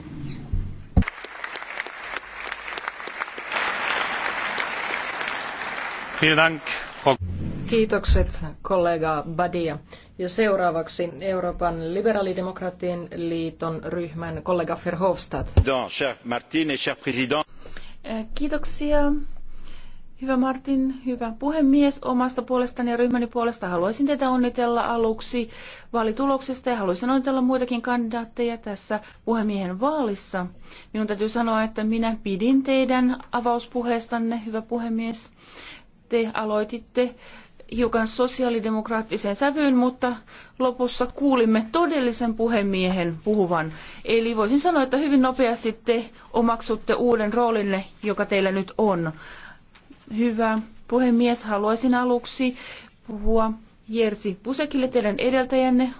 Vielen Dank, Frau Kiitokset kollega Badia. Ja seuraavaksi Euroopan liberaalidemokraattien liiton ryhmän kollega Verhofstadt. Äh, kiitoksia. Hyvä Martin, hyvä puhemies. Omasta puolestani ja ryhmäni puolesta haluaisin teitä onnitella aluksi vaalituloksesta ja haluaisin onnitella muitakin kandidaatteja tässä puhemiehen vaalissa. Minun täytyy sanoa, että minä pidin teidän avauspuheestanne, hyvä puhemies. Te aloititte hiukan sosiaalidemokraattiseen sävyyn, mutta lopussa kuulimme todellisen puhemiehen puhuvan. Eli voisin sanoa, että hyvin nopeasti te omaksutte uuden roolinne, joka teillä nyt on. Hyvä puhemies, haluaisin aluksi puhua Jersi Pusekille, teidän edeltäjänne.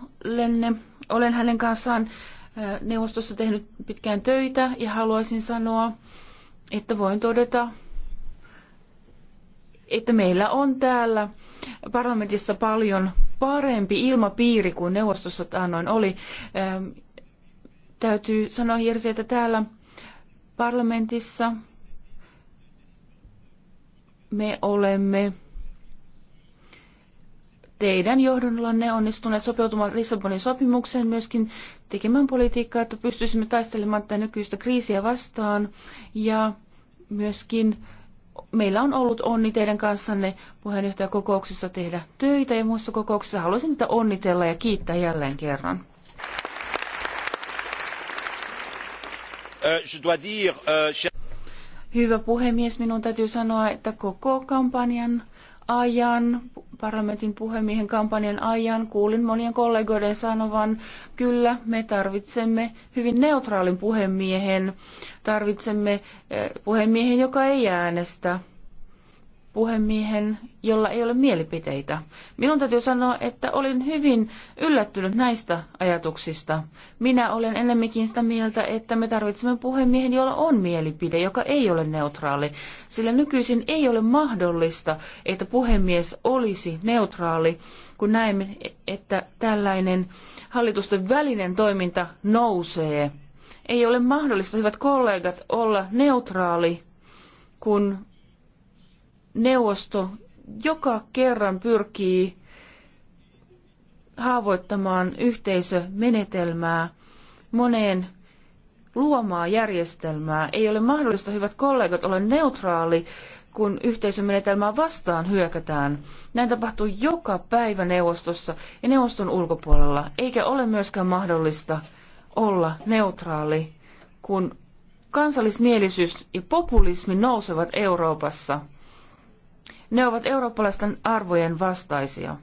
Olen hänen kanssaan neuvostossa tehnyt pitkään töitä ja haluaisin sanoa, että voin todeta että meillä on täällä parlamentissa paljon parempi ilmapiiri kuin neuvostossa taannoin oli. Ähm, täytyy sanoa Hirsi, että täällä parlamentissa me olemme teidän johdonlanne onnistuneet sopeutumaan Lissabonin sopimukseen myöskin tekemään politiikkaa, että pystyisimme taistelemaan tätä nykyistä kriisiä vastaan ja myöskin meillä on ollut onni teidän kanssanne puheenjohtajakokouksissa tehdä töitä ja muissa kokouksissa. Haluaisin teitä onnitella ja kiittää jälleen kerran. Euh, euh, Hyvä puhemies, minun täytyy sanoa, että koko kampanjan ajan parlamentin puhemiehen kampanjan ajan kuulin monien kollegoiden sanovan, kyllä me tarvitsemme hyvin neutraalin puhemiehen, tarvitsemme eh, puhemiehen, joka ei äänestä puhemiehen, jolla ei ole mielipiteitä. Minun täytyy sanoa, että olin hyvin yllättynyt näistä ajatuksista. Minä olen enemmänkin sitä mieltä, että me tarvitsemme puhemiehen, jolla on mielipide, joka ei ole neutraali, sillä nykyisin ei ole mahdollista, että puhemies olisi neutraali, kun näemme, että tällainen hallitusten välinen toiminta nousee. Ei ole mahdollista, hyvät kollegat, olla neutraali, kun neuvosto joka kerran pyrkii haavoittamaan yhteisömenetelmää moneen luomaa järjestelmää. Ei ole mahdollista, hyvät kollegat, olla neutraali, kun yhteisömenetelmää vastaan hyökätään. Näin tapahtuu joka päivä neuvostossa ja neuvoston ulkopuolella, eikä ole myöskään mahdollista olla neutraali, kun kansallismielisyys ja populismi nousevat Euroopassa – ne ovat eurooppalaisten arvojen vastaisia.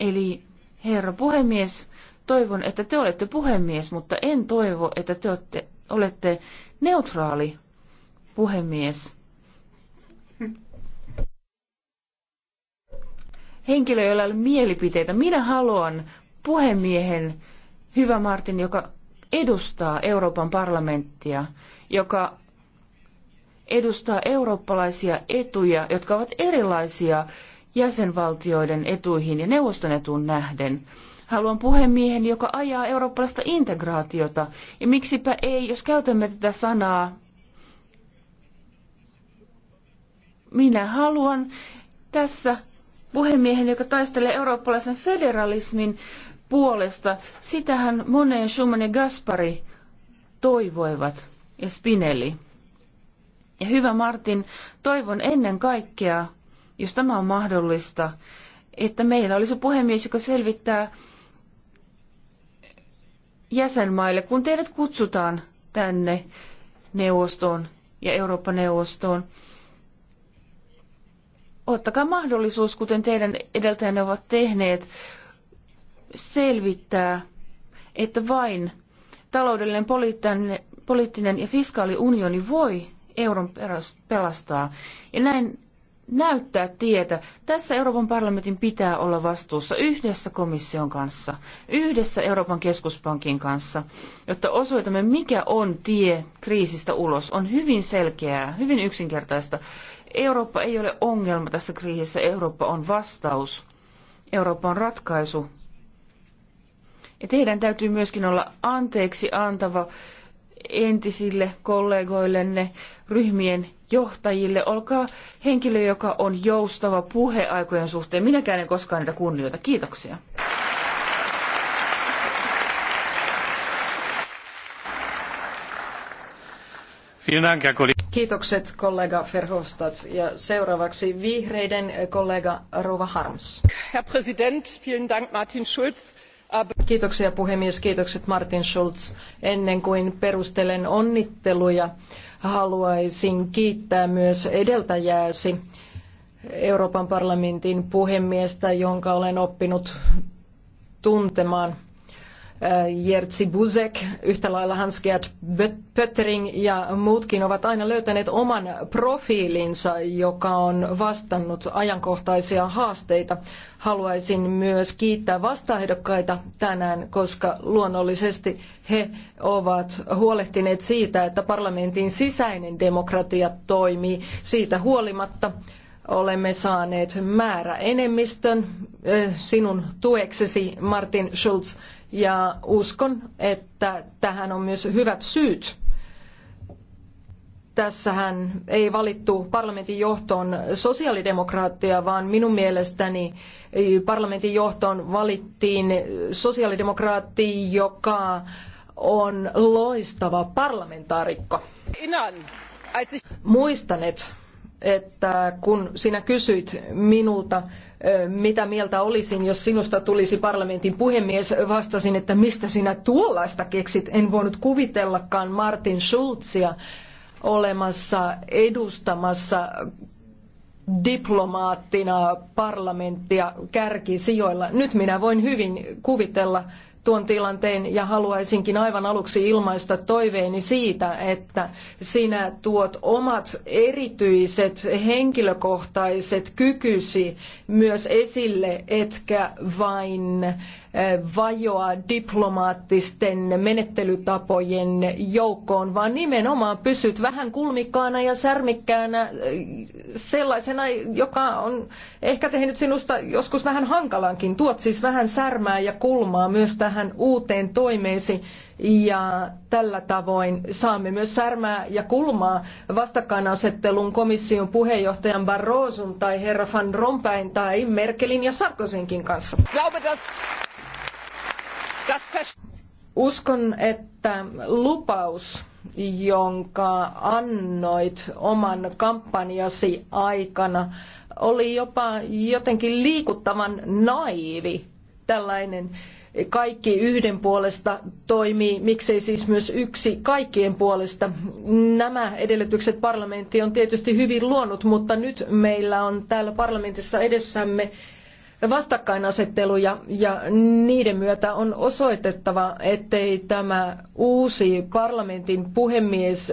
Eli herra puhemies, toivon, että te olette puhemies, mutta en toivo, että te olette, olette neutraali puhemies. Henkilö, jolla ei ole mielipiteitä. Minä haluan puhemiehen, hyvä Martin, joka edustaa Euroopan parlamenttia, joka edustaa eurooppalaisia etuja, jotka ovat erilaisia jäsenvaltioiden etuihin ja neuvoston etuun nähden. Haluan puhemiehen, joka ajaa eurooppalaista integraatiota. Ja miksipä ei, jos käytämme tätä sanaa. Minä haluan tässä puhemiehen, joka taistelee eurooppalaisen federalismin puolesta. Sitähän moneen Schumann ja Gaspari toivoivat ja Spinelli. Ja hyvä Martin, toivon ennen kaikkea, jos tämä on mahdollista, että meillä olisi puhemies, joka selvittää jäsenmaille, kun teidät kutsutaan tänne neuvostoon ja Euroopan neuvostoon. Ottakaa mahdollisuus, kuten teidän edeltäjänne ovat tehneet, selvittää, että vain taloudellinen, poliittinen ja fiskaaliunioni voi euron pelastaa. Ja näin näyttää tietä. Tässä Euroopan parlamentin pitää olla vastuussa yhdessä komission kanssa, yhdessä Euroopan keskuspankin kanssa, jotta osoitamme, mikä on tie kriisistä ulos. On hyvin selkeää, hyvin yksinkertaista. Eurooppa ei ole ongelma tässä kriisissä, Eurooppa on vastaus. Eurooppa on ratkaisu. Ja teidän täytyy myöskin olla anteeksi antava entisille kollegoillenne, ryhmien johtajille. Olkaa henkilö, joka on joustava puheaikojen suhteen. Minäkään en koskaan niitä kunnioita. Kiitoksia. Kiitokset kollega Verhofstadt ja seuraavaksi vihreiden kollega Rova Harms. Herr Präsident, vielen Dank Martin Schulz. Kiitoksia puhemies, kiitokset Martin Schulz. Ennen kuin perustelen onnitteluja, haluaisin kiittää myös edeltäjääsi Euroopan parlamentin puhemiestä, jonka olen oppinut tuntemaan – Äh, Jertsi Buzek, yhtä lailla Hans-Gerd Pöttering ja muutkin ovat aina löytäneet oman profiilinsa, joka on vastannut ajankohtaisia haasteita. Haluaisin myös kiittää vastaehdokkaita tänään, koska luonnollisesti he ovat huolehtineet siitä, että parlamentin sisäinen demokratia toimii siitä huolimatta, olemme saaneet määräenemmistön äh, sinun tueksesi, Martin Schulz, ja uskon, että tähän on myös hyvät syyt. Tässähän ei valittu parlamentin johtoon sosiaalidemokraattia, vaan minun mielestäni parlamentin johtoon valittiin sosiaalidemokraatti, joka on loistava parlamentaarikko. Muistanet, että kun sinä kysyit minulta, mitä mieltä olisin, jos sinusta tulisi parlamentin puhemies, vastasin, että mistä sinä tuollaista keksit. En voinut kuvitellakaan Martin Schulzia olemassa edustamassa diplomaattina parlamenttia kärkisijoilla. Nyt minä voin hyvin kuvitella tuon tilanteen ja haluaisinkin aivan aluksi ilmaista toiveeni siitä, että sinä tuot omat erityiset henkilökohtaiset kykysi myös esille, etkä vain vajoa diplomaattisten menettelytapojen joukkoon, vaan nimenomaan pysyt vähän kulmikkaana ja särmikkäänä sellaisena, joka on ehkä tehnyt sinusta joskus vähän hankalankin. Tuot siis vähän särmää ja kulmaa myös tähän uuteen toimeesi ja tällä tavoin saamme myös särmää ja kulmaa vastakkainasettelun komission puheenjohtajan Barroson tai herra Van Rompäin tai Merkelin ja Sarkozinkin kanssa. Uskon, että lupaus jonka annoit oman kampanjasi aikana, oli jopa jotenkin liikuttavan naivi tällainen kaikki yhden puolesta toimii, miksei siis myös yksi kaikkien puolesta. Nämä edellytykset parlamentti on tietysti hyvin luonut, mutta nyt meillä on täällä parlamentissa edessämme vastakkainasetteluja ja niiden myötä on osoitettava, ettei tämä uusi parlamentin puhemies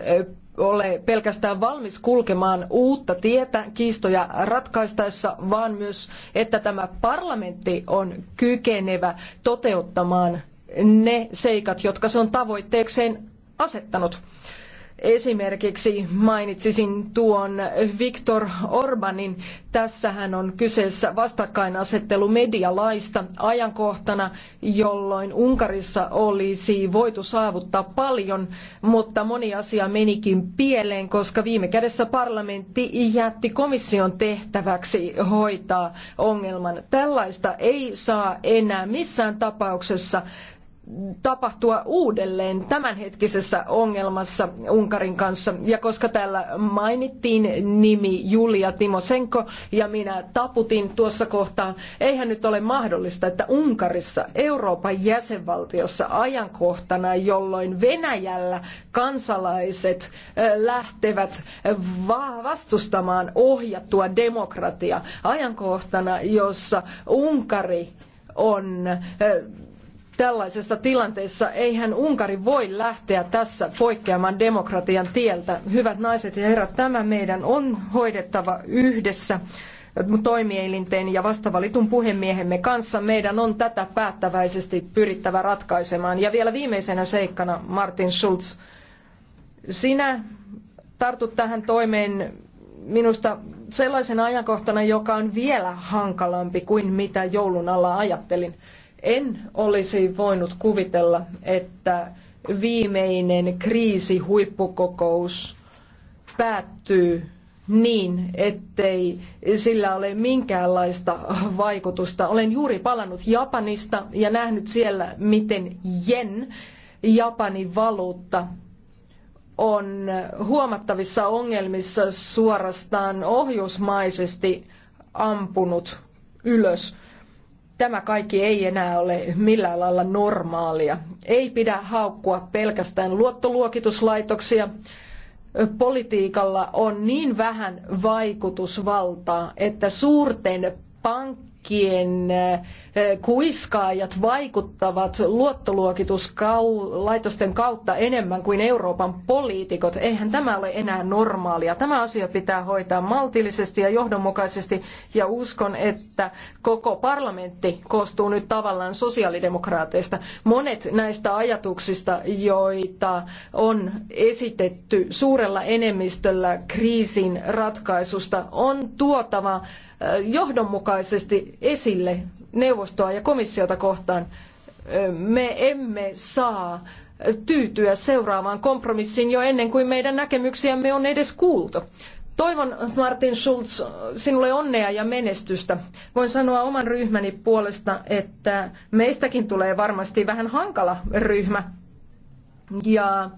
ole pelkästään valmis kulkemaan uutta tietä kiistoja ratkaistaessa, vaan myös, että tämä parlamentti on kykenevä toteuttamaan ne seikat, jotka se on tavoitteekseen asettanut. Esimerkiksi mainitsisin tuon Viktor Orbanin. Tässähän on kyseessä vastakkainasettelu medialaista ajankohtana, jolloin Unkarissa olisi voitu saavuttaa paljon, mutta moni asia menikin pieleen, koska viime kädessä parlamentti jätti komission tehtäväksi hoitaa ongelman. Tällaista ei saa enää missään tapauksessa tapahtua uudelleen tämänhetkisessä ongelmassa Unkarin kanssa. Ja koska täällä mainittiin nimi Julia Timosenko ja minä taputin tuossa kohtaa, eihän nyt ole mahdollista, että Unkarissa, Euroopan jäsenvaltiossa ajankohtana, jolloin Venäjällä kansalaiset lähtevät vastustamaan ohjattua demokratiaa, ajankohtana, jossa Unkari on tällaisessa tilanteessa eihän Unkari voi lähteä tässä poikkeamaan demokratian tieltä. Hyvät naiset ja herrat, tämä meidän on hoidettava yhdessä toimielinten ja vastavalitun puhemiehemme kanssa. Meidän on tätä päättäväisesti pyrittävä ratkaisemaan. Ja vielä viimeisenä seikkana, Martin Schulz, sinä tartut tähän toimeen minusta sellaisena ajankohtana, joka on vielä hankalampi kuin mitä joulun alla ajattelin. En olisi voinut kuvitella, että viimeinen kriisihuippukokous päättyy niin, ettei sillä ole minkäänlaista vaikutusta. Olen juuri palannut Japanista ja nähnyt siellä, miten jen, Japanin valuutta, on huomattavissa ongelmissa suorastaan ohjusmaisesti ampunut ylös. Tämä kaikki ei enää ole millään lailla normaalia. Ei pidä haukkua pelkästään luottoluokituslaitoksia. Politiikalla on niin vähän vaikutusvaltaa, että suurten pankkien kuiskaajat vaikuttavat luottoluokituslaitosten kautta enemmän kuin Euroopan poliitikot. Eihän tämä ole enää normaalia. Tämä asia pitää hoitaa maltillisesti ja johdonmukaisesti ja uskon, että koko parlamentti koostuu nyt tavallaan sosiaalidemokraateista. Monet näistä ajatuksista, joita on esitetty suurella enemmistöllä kriisin ratkaisusta, on tuotava johdonmukaisesti esille neuvostoa ja komissiota kohtaan. Me emme saa tyytyä seuraavaan kompromissiin jo ennen kuin meidän näkemyksiämme on edes kuultu. Toivon, Martin Schulz, sinulle onnea ja menestystä. Voin sanoa oman ryhmäni puolesta, että meistäkin tulee varmasti vähän hankala ryhmä. Ja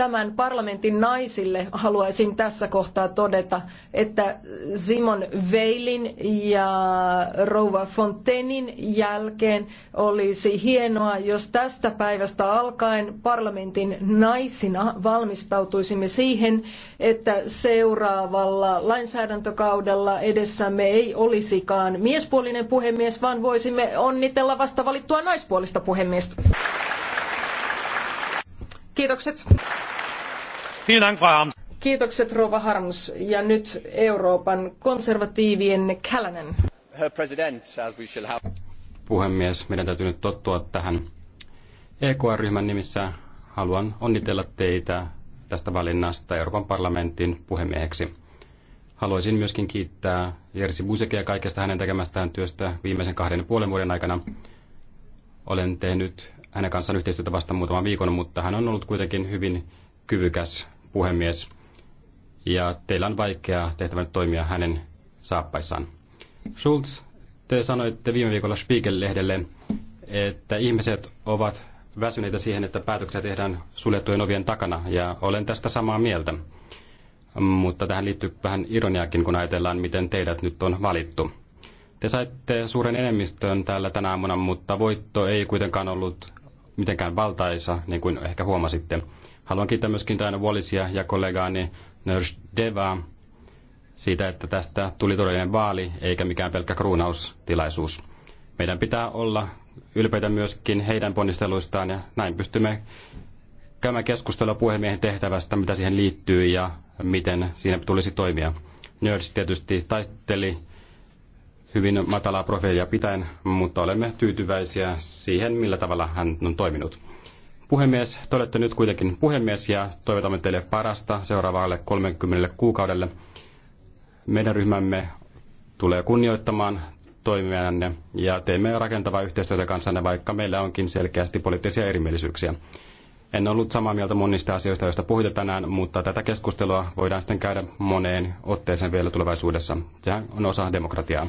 tämän parlamentin naisille haluaisin tässä kohtaa todeta, että Simon Veilin ja Rouva Fontenin jälkeen olisi hienoa, jos tästä päivästä alkaen parlamentin naisina valmistautuisimme siihen, että seuraavalla lainsäädäntökaudella edessämme ei olisikaan miespuolinen puhemies, vaan voisimme onnitella vasta valittua naispuolista puhemiestä. Kiitokset. Kiitokset Rova Harms ja nyt Euroopan konservatiivien Kälänen. Puhemies, meidän täytyy nyt tottua tähän. EKR-ryhmän nimissä haluan onnitella teitä tästä valinnasta Euroopan parlamentin puhemieheksi. Haluaisin myöskin kiittää Jerzy Busekia kaikesta hänen tekemästään työstä viimeisen kahden ja puolen vuoden aikana. Olen tehnyt hänen kanssaan yhteistyötä vasta muutaman viikon, mutta hän on ollut kuitenkin hyvin kyvykäs puhemies. Ja teillä on vaikeaa tehtävän toimia hänen saappaissaan. Schulz, te sanoitte viime viikolla Spiegel-lehdelle, että ihmiset ovat väsyneitä siihen, että päätöksiä tehdään suljettujen ovien takana, ja olen tästä samaa mieltä. Mutta tähän liittyy vähän ironiakin, kun ajatellaan, miten teidät nyt on valittu. Te saitte suuren enemmistön täällä tänä aamuna, mutta voitto ei kuitenkaan ollut mitenkään valtaisa, niin kuin ehkä huomasitte. Haluan kiittää myöskin Diana Wallisia ja kollegaani Nörs Deva siitä, että tästä tuli todellinen vaali eikä mikään pelkkä kruunaustilaisuus. Meidän pitää olla ylpeitä myöskin heidän ponnisteluistaan ja näin pystymme käymään keskustelua puhemiehen tehtävästä, mitä siihen liittyy ja miten siinä tulisi toimia. Nörs tietysti taisteli hyvin matalaa profiilia pitäen, mutta olemme tyytyväisiä siihen, millä tavalla hän on toiminut. Puhemies, te olette nyt kuitenkin puhemies ja toivotamme teille parasta seuraavalle 30 kuukaudelle. Meidän ryhmämme tulee kunnioittamaan toimijanne ja teemme rakentavaa yhteistyötä kanssanne, vaikka meillä onkin selkeästi poliittisia erimielisyyksiä. En ollut samaa mieltä monista asioista, joista puhuitte tänään, mutta tätä keskustelua voidaan sitten käydä moneen otteeseen vielä tulevaisuudessa. Sehän on osa demokratiaa.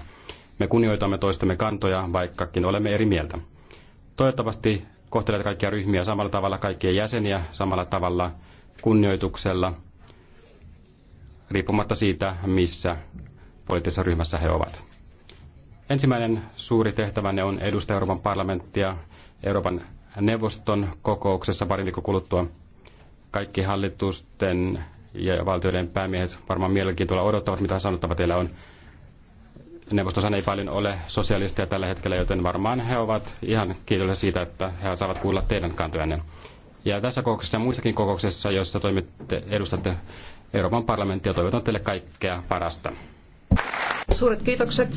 Me kunnioitamme toistemme kantoja, vaikkakin olemme eri mieltä. Toivottavasti kohtelette kaikkia ryhmiä samalla tavalla, kaikkia jäseniä samalla tavalla kunnioituksella, riippumatta siitä, missä poliittisessa ryhmässä he ovat. Ensimmäinen suuri tehtävänne on edustaa Euroopan parlamenttia Euroopan neuvoston kokouksessa parin viikon kuluttua. Kaikki hallitusten ja valtioiden päämiehet varmaan mielenkiintoilla odottavat, mitä sanottava teillä on neuvostossa ei paljon ole sosialisteja tällä hetkellä, joten varmaan he ovat ihan kiitollisia siitä, että he saavat kuulla teidän kantojanne. Ja tässä kokouksessa ja muissakin kokouksessa, joissa toimitte, edustatte Euroopan parlamenttia, toivotan teille kaikkea parasta. Suuret kiitokset.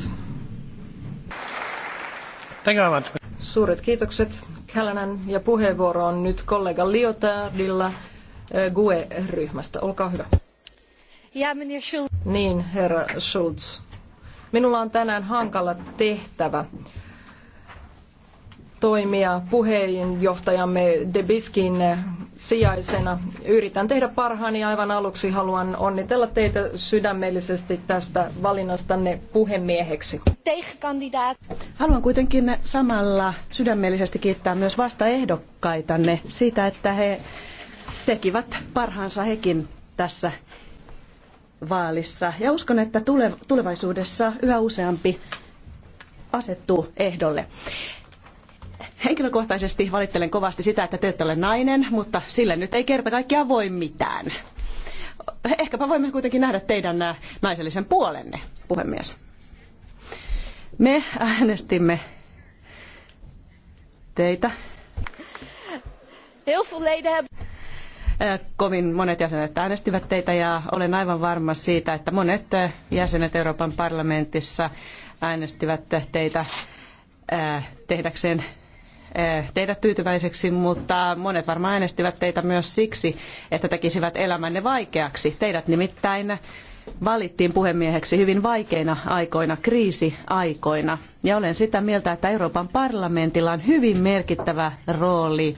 Thank you very much. Suuret kiitokset Kälänän ja puheenvuoro on nyt kollega Liotardilla eh, GUE-ryhmästä. Olkaa hyvä. Ja, niin, herra Schulz Minulla on tänään hankala tehtävä toimia puheenjohtajamme Debiskin sijaisena. Yritän tehdä parhaani aivan aluksi haluan onnitella teitä sydämellisesti tästä valinnastanne puhemieheksi. Haluan kuitenkin samalla sydämellisesti kiittää myös vastaehdokkaitanne siitä, että he tekivät parhaansa hekin tässä vaalissa. Ja uskon, että tulevaisuudessa yhä useampi asettuu ehdolle. Henkilökohtaisesti valittelen kovasti sitä, että te ette ole nainen, mutta sille nyt ei kerta kaikkiaan voi mitään. Ehkäpä voimme kuitenkin nähdä teidän äh, naisellisen puolenne, puhemies. Me äänestimme teitä. Heel veel leden hebben kovin monet jäsenet äänestivät teitä ja olen aivan varma siitä, että monet jäsenet Euroopan parlamentissa äänestivät teitä tehdäkseen teidät tyytyväiseksi, mutta monet varmaan äänestivät teitä myös siksi, että tekisivät elämänne vaikeaksi. Teidät nimittäin valittiin puhemieheksi hyvin vaikeina aikoina, kriisiaikoina. Ja olen sitä mieltä, että Euroopan parlamentilla on hyvin merkittävä rooli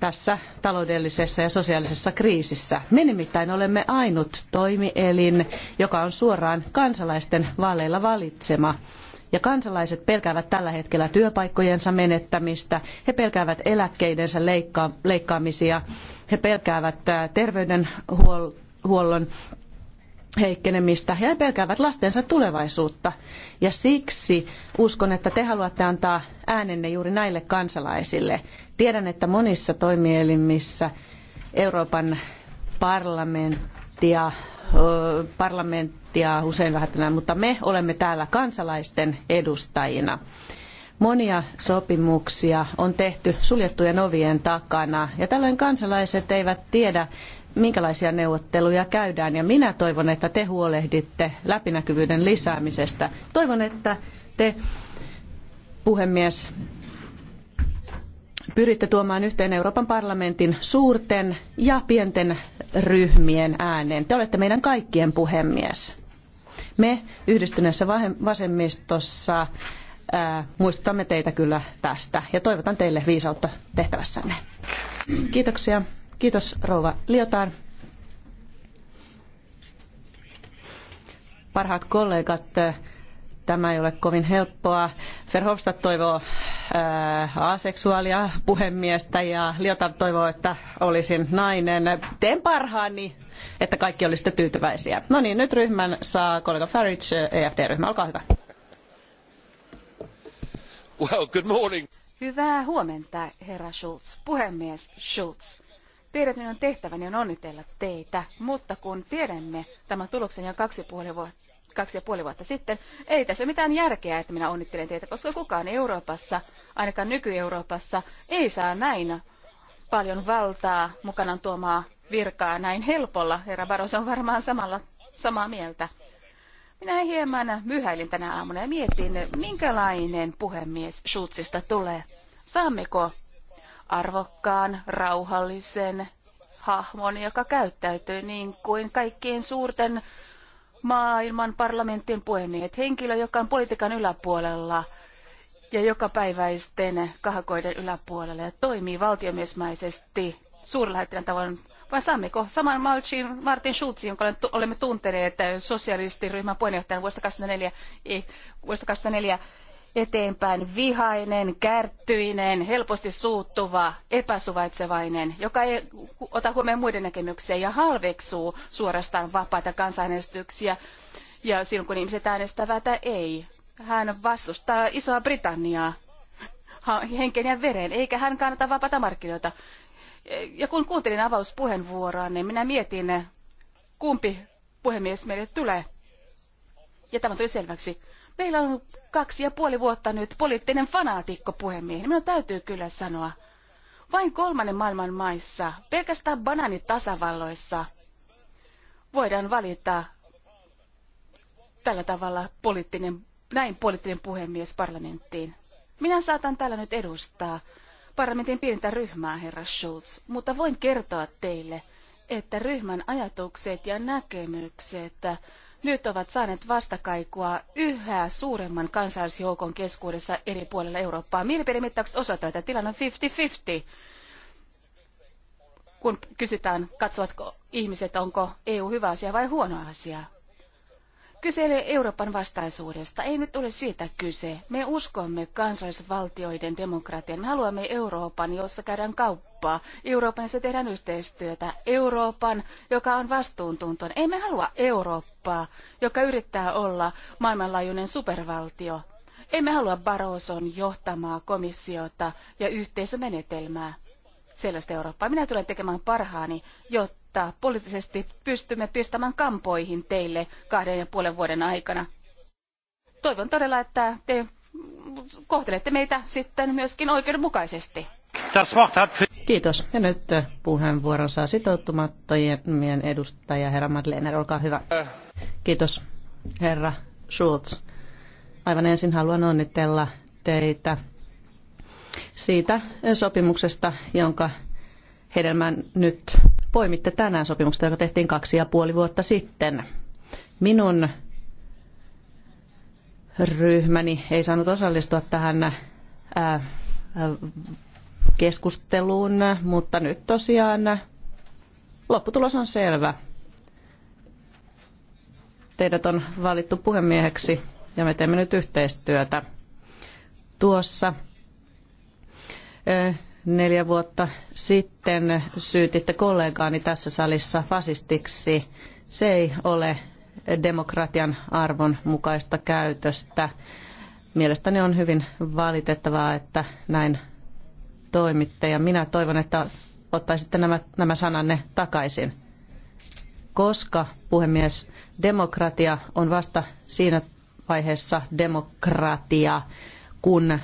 tässä taloudellisessa ja sosiaalisessa kriisissä. Me nimittäin olemme ainut toimielin, joka on suoraan kansalaisten vaaleilla valitsema. Ja kansalaiset pelkäävät tällä hetkellä työpaikkojensa menettämistä, he pelkäävät eläkkeidensä leikka- leikkaamisia, he pelkäävät terveydenhuollon heikkenemistä. He pelkäävät lastensa tulevaisuutta. Ja siksi uskon, että te haluatte antaa äänenne juuri näille kansalaisille. Tiedän, että monissa toimielimissä Euroopan parlamenttia, parlamenttia usein vähätellään, mutta me olemme täällä kansalaisten edustajina. Monia sopimuksia on tehty suljettujen ovien takana ja tällöin kansalaiset eivät tiedä, minkälaisia neuvotteluja käydään. Ja minä toivon, että te huolehditte läpinäkyvyyden lisäämisestä. Toivon, että te, puhemies, pyritte tuomaan yhteen Euroopan parlamentin suurten ja pienten ryhmien äänen. Te olette meidän kaikkien puhemies. Me yhdistyneessä vasemmistossa ää, muistutamme teitä kyllä tästä ja toivotan teille viisautta tehtävässänne. Kiitoksia. Kiitos rouva Liotar. Parhaat kollegat, tämä ei ole kovin helppoa. Verhofstadt toivoo ää, äh, aseksuaalia puhemiestä ja Liotar toivoo, että olisin nainen. Teen parhaani, että kaikki olisitte tyytyväisiä. No niin, nyt ryhmän saa kollega Farage, EFD-ryhmä, olkaa hyvä. Well, good morning. Hyvää huomenta, herra Schulz, puhemies Schulz. Tiedän, että minun tehtäväni on onnitella teitä, mutta kun tiedämme tämän tuloksen jo kaksi ja puoli vuotta, kaksi ja puoli vuotta sitten, ei tässä ole mitään järkeä, että minä onnittelen teitä, koska kukaan Euroopassa, ainakaan nyky-Euroopassa, ei saa näin paljon valtaa mukanaan tuomaa virkaa näin helpolla. Herra Baros on varmaan samalla, samaa mieltä. Minä hieman myhäilin tänä aamuna ja mietin, minkälainen puhemies Schulzista tulee. Saammeko arvokkaan, rauhallisen hahmon, joka käyttäytyy niin kuin kaikkien suurten maailman parlamenttien puhemiehet. Henkilö, joka on politiikan yläpuolella ja päiväisten kahakoiden yläpuolella ja toimii valtiomiesmäisesti suurlähettilän tavoin. Vai saammeko saman Malchin Martin Schulzin, jonka olemme tunteneet sosialistiryhmän puheenjohtajana vuodesta 2004, ei, vuodesta 2004 eteenpäin vihainen, kärttyinen, helposti suuttuva, epäsuvaitsevainen, joka ei ota huomioon muiden näkemyksiä ja halveksuu suorastaan vapaita kansanäänestyksiä. Ja silloin kun ihmiset äänestävät, ei. Hän vastustaa Isoa Britanniaa henken ja veren, eikä hän kannata vapaata markkinoita. Ja kun kuuntelin avauspuheenvuoroa, niin minä mietin, kumpi puhemies meille tulee. Ja tämä tuli selväksi Meillä on kaksi ja puoli vuotta nyt poliittinen fanaatikko puhemiehen. Minun täytyy kyllä sanoa. Vain kolmannen maailman maissa, pelkästään banaanitasavalloissa, voidaan valita tällä tavalla poliittinen, näin poliittinen puhemies parlamenttiin. Minä saatan täällä nyt edustaa parlamentin pientä ryhmää, herra Schulz, mutta voin kertoa teille, että ryhmän ajatukset ja näkemykset nyt ovat saaneet vastakaikua yhä suuremman kansallisjoukon keskuudessa eri puolilla Eurooppaa. Mielipidemittaukset osoittavat, että tilanne on 50-50 kun kysytään, katsovatko ihmiset, onko EU hyvä asia vai huono asia. Kyse ei ole Euroopan vastaisuudesta. Ei nyt ole siitä kyse. Me uskomme kansallisvaltioiden demokratian. Me haluamme Euroopan, jossa käydään kauppaa. Euroopan, jossa tehdään yhteistyötä. Euroopan, joka on vastuuntuntoinen. Ei me halua Eurooppaa, joka yrittää olla maailmanlaajuinen supervaltio. Ei me halua Baroson johtamaa komissiota ja yhteisömenetelmää. Sellaista Eurooppaa. Minä tulen tekemään parhaani, jotta mutta poliittisesti pystymme pistämään kampoihin teille kahden ja puolen vuoden aikana. Toivon todella, että te kohtelette meitä sitten myöskin oikeudenmukaisesti. Kiitos. Ja nyt puheenvuoron saa sitoutumattomien edustaja herra Madlener, olkaa hyvä. Kiitos herra Schulz. Aivan ensin haluan onnitella teitä siitä sopimuksesta, jonka hedelmän nyt poimitte tänään sopimuksesta, joka tehtiin kaksi ja puoli vuotta sitten. Minun ryhmäni ei saanut osallistua tähän äh, äh, keskusteluun, mutta nyt tosiaan lopputulos on selvä. Teidät on valittu puhemieheksi ja me teemme nyt yhteistyötä. Tuossa äh, Neljä vuotta sitten syytitte kollegaani tässä salissa fasistiksi. Se ei ole demokratian arvon mukaista käytöstä. Mielestäni on hyvin valitettavaa, että näin toimitte ja minä toivon, että ottaisitte nämä, nämä sananne takaisin. Koska, puhemies, demokratia on vasta siinä vaiheessa demokratia, kun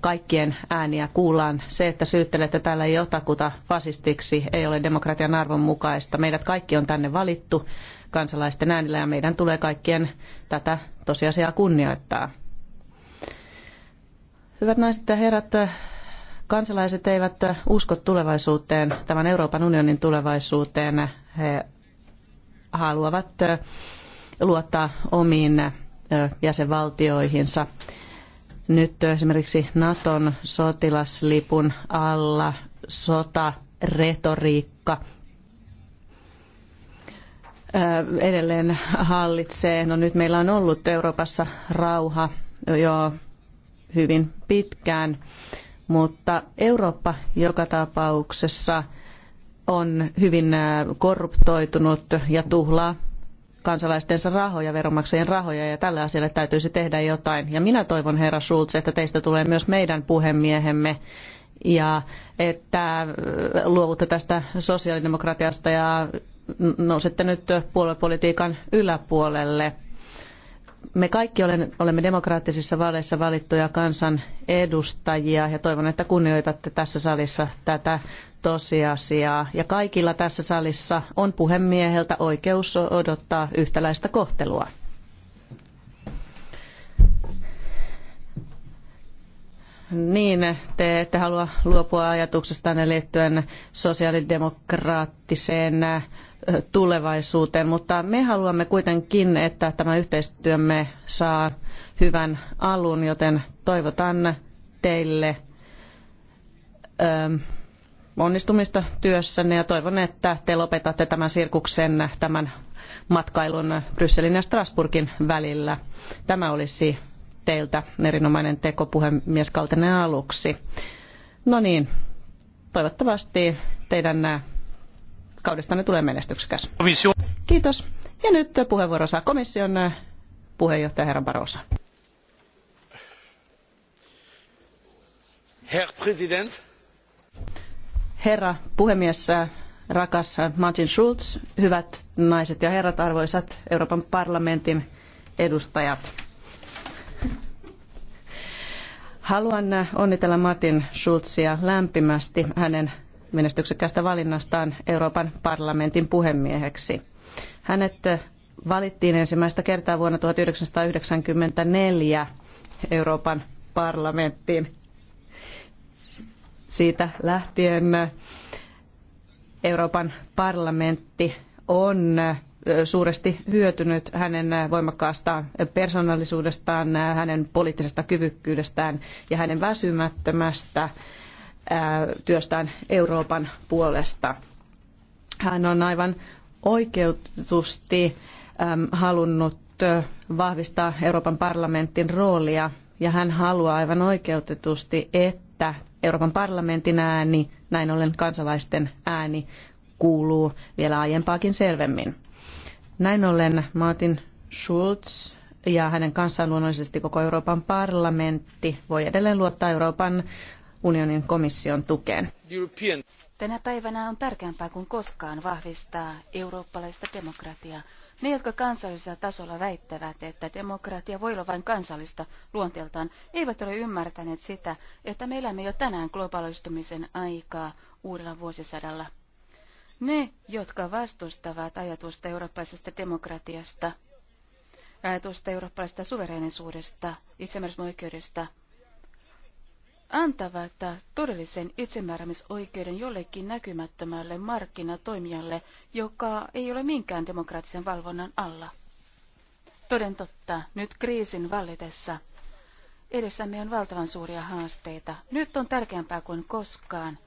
kaikkien ääniä kuullaan. Se, että syyttelette täällä jotakuta fasistiksi, ei ole demokratian arvon mukaista. Meidät kaikki on tänne valittu kansalaisten äänillä ja meidän tulee kaikkien tätä tosiasiaa kunnioittaa. Hyvät naiset ja herrat, kansalaiset eivät usko tulevaisuuteen, tämän Euroopan unionin tulevaisuuteen. He haluavat luottaa omiin jäsenvaltioihinsa nyt esimerkiksi Naton sotilaslipun alla sota, retoriikka edelleen hallitsee. No nyt meillä on ollut Euroopassa rauha jo hyvin pitkään, mutta Eurooppa joka tapauksessa on hyvin korruptoitunut ja tuhlaa kansalaistensa rahoja, veronmaksajien rahoja, ja tälle asialle täytyisi tehdä jotain. Ja minä toivon, herra Schulz, että teistä tulee myös meidän puhemiehemme, ja että äh, luovutte tästä sosiaalidemokratiasta ja nousette nyt puoluepolitiikan yläpuolelle me kaikki olemme demokraattisissa vaaleissa valittuja kansan edustajia ja toivon, että kunnioitatte tässä salissa tätä tosiasiaa. Ja kaikilla tässä salissa on puhemieheltä oikeus odottaa yhtäläistä kohtelua. Niin, te ette halua luopua ajatuksestanne liittyen sosiaalidemokraattiseen tulevaisuuteen, mutta me haluamme kuitenkin, että tämä yhteistyömme saa hyvän alun, joten toivotan teille ähm, onnistumista työssänne ja toivon, että te lopetatte tämän sirkuksen, tämän matkailun Brysselin ja Strasbourgin välillä. Tämä olisi teiltä erinomainen teko puhemieskautenne aluksi. No niin, toivottavasti teidän nämä kaudestanne tulee menestyksekäs. Kiitos. Ja nyt puheenvuoro saa komission äh, puheenjohtaja herra Barossa. Herr President. Herra puhemies, äh, rakas äh, Martin Schulz, hyvät naiset ja herrat, arvoisat Euroopan parlamentin edustajat. Haluan onnitella Martin Schulzia lämpimästi hänen menestyksekkäästä valinnastaan Euroopan parlamentin puhemieheksi. Hänet eh, valittiin ensimmäistä kertaa vuonna 1994 Euroopan parlamenttiin. Siitä lähtien eh, Euroopan parlamentti on eh, suuresti hyötynyt hänen voimakkaasta persoonallisuudestaan, hänen poliittisesta kyvykkyydestään ja hänen väsymättömästä työstään Euroopan puolesta. Hän on aivan oikeutusti halunnut vahvistaa Euroopan parlamentin roolia ja hän haluaa aivan oikeutetusti, että Euroopan parlamentin ääni, näin ollen kansalaisten ääni, kuuluu vielä aiempaakin selvemmin. Näin ollen Martin Schulz ja hänen kanssaan luonnollisesti koko Euroopan parlamentti voi edelleen luottaa Euroopan unionin komission tukeen. Tänä päivänä on tärkeämpää kuin koskaan vahvistaa eurooppalaista demokratiaa. Ne, jotka kansallisella tasolla väittävät, että demokratia voi olla vain kansallista luonteeltaan, eivät ole ymmärtäneet sitä, että me elämme jo tänään globaalistumisen aikaa uudella vuosisadalla. Ne, jotka vastustavat ajatusta eurooppalaisesta demokratiasta, ajatusta eurooppalaisesta suvereenisuudesta, itsemääräämisoikeudesta, antavat todellisen itsemääräämisoikeuden jollekin näkymättömälle markkinatoimijalle, joka ei ole minkään demokraattisen valvonnan alla. Toden totta, nyt kriisin vallitessa edessämme on valtavan suuria haasteita. Nyt on tärkeämpää kuin koskaan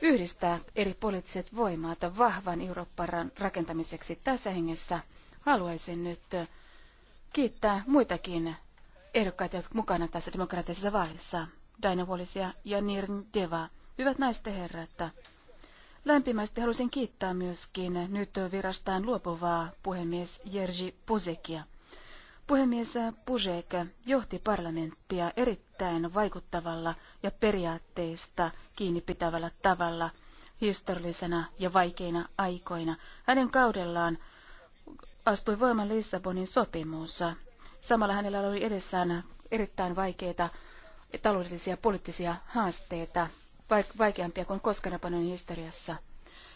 yhdistää eri poliittiset voimat vahvan Euroopan rakentamiseksi tässä hengessä. Haluaisin nyt kiittää muitakin ehdokkaita, jotka mukana tässä demokraattisessa vaalissa. Dainavuolisia ja Nirn Deva. Hyvät naiset herrat, lämpimästi haluaisin kiittää myöskin nyt virastaan luopuvaa puhemies Jerzy Puzekia. Puhemies Puzek johti parlamenttia erittäin vaikuttavalla ja periaatteista kiinni pitävällä tavalla historiallisena ja vaikeina aikoina. Hänen kaudellaan astui voimaan Lissabonin sopimus. Samalla hänellä oli edessään erittäin vaikeita taloudellisia ja poliittisia haasteita, vaikeampia kuin koskaan Japanin historiassa.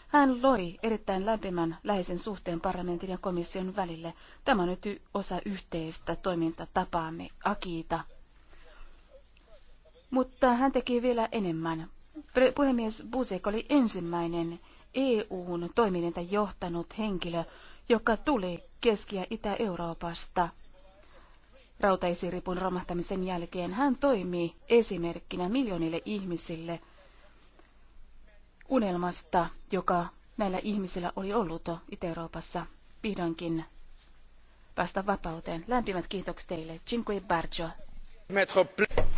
Hän loi erittäin lämpimän läheisen suhteen parlamentin ja komission välille. Tämä on nyt osa yhteistä toimintatapaamme, Akiita. Mutta hän teki vielä enemmän. Puhemies Busek oli ensimmäinen EUn toiminnan johtanut henkilö, joka tuli Keski- ja Itä-Euroopasta – rautaisiripun romahtamisen jälkeen. Hän toimii esimerkkinä miljoonille ihmisille unelmasta, joka näillä ihmisillä oli ollut Itä-Euroopassa vihdoinkin päästä vapauteen. Lämpimät kiitokset teille. Cinque Barcio.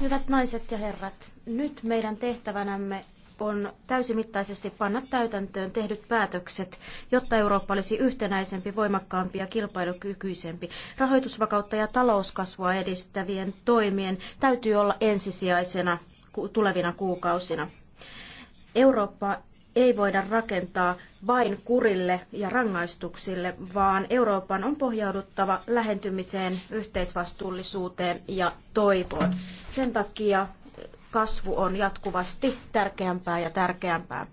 Hyvät naiset ja herrat, nyt meidän tehtävänämme on täysimittaisesti panna täytäntöön tehdyt päätökset, jotta Eurooppa olisi yhtenäisempi, voimakkaampi ja kilpailukykyisempi. Rahoitusvakautta ja talouskasvua edistävien toimien täytyy olla ensisijaisena tulevina kuukausina. Eurooppa ei voida rakentaa vain kurille ja rangaistuksille, vaan Euroopan on pohjauduttava lähentymiseen, yhteisvastuullisuuteen ja toivoon. Sen takia kasvu on jatkuvasti tärkeämpää ja tärkeämpää.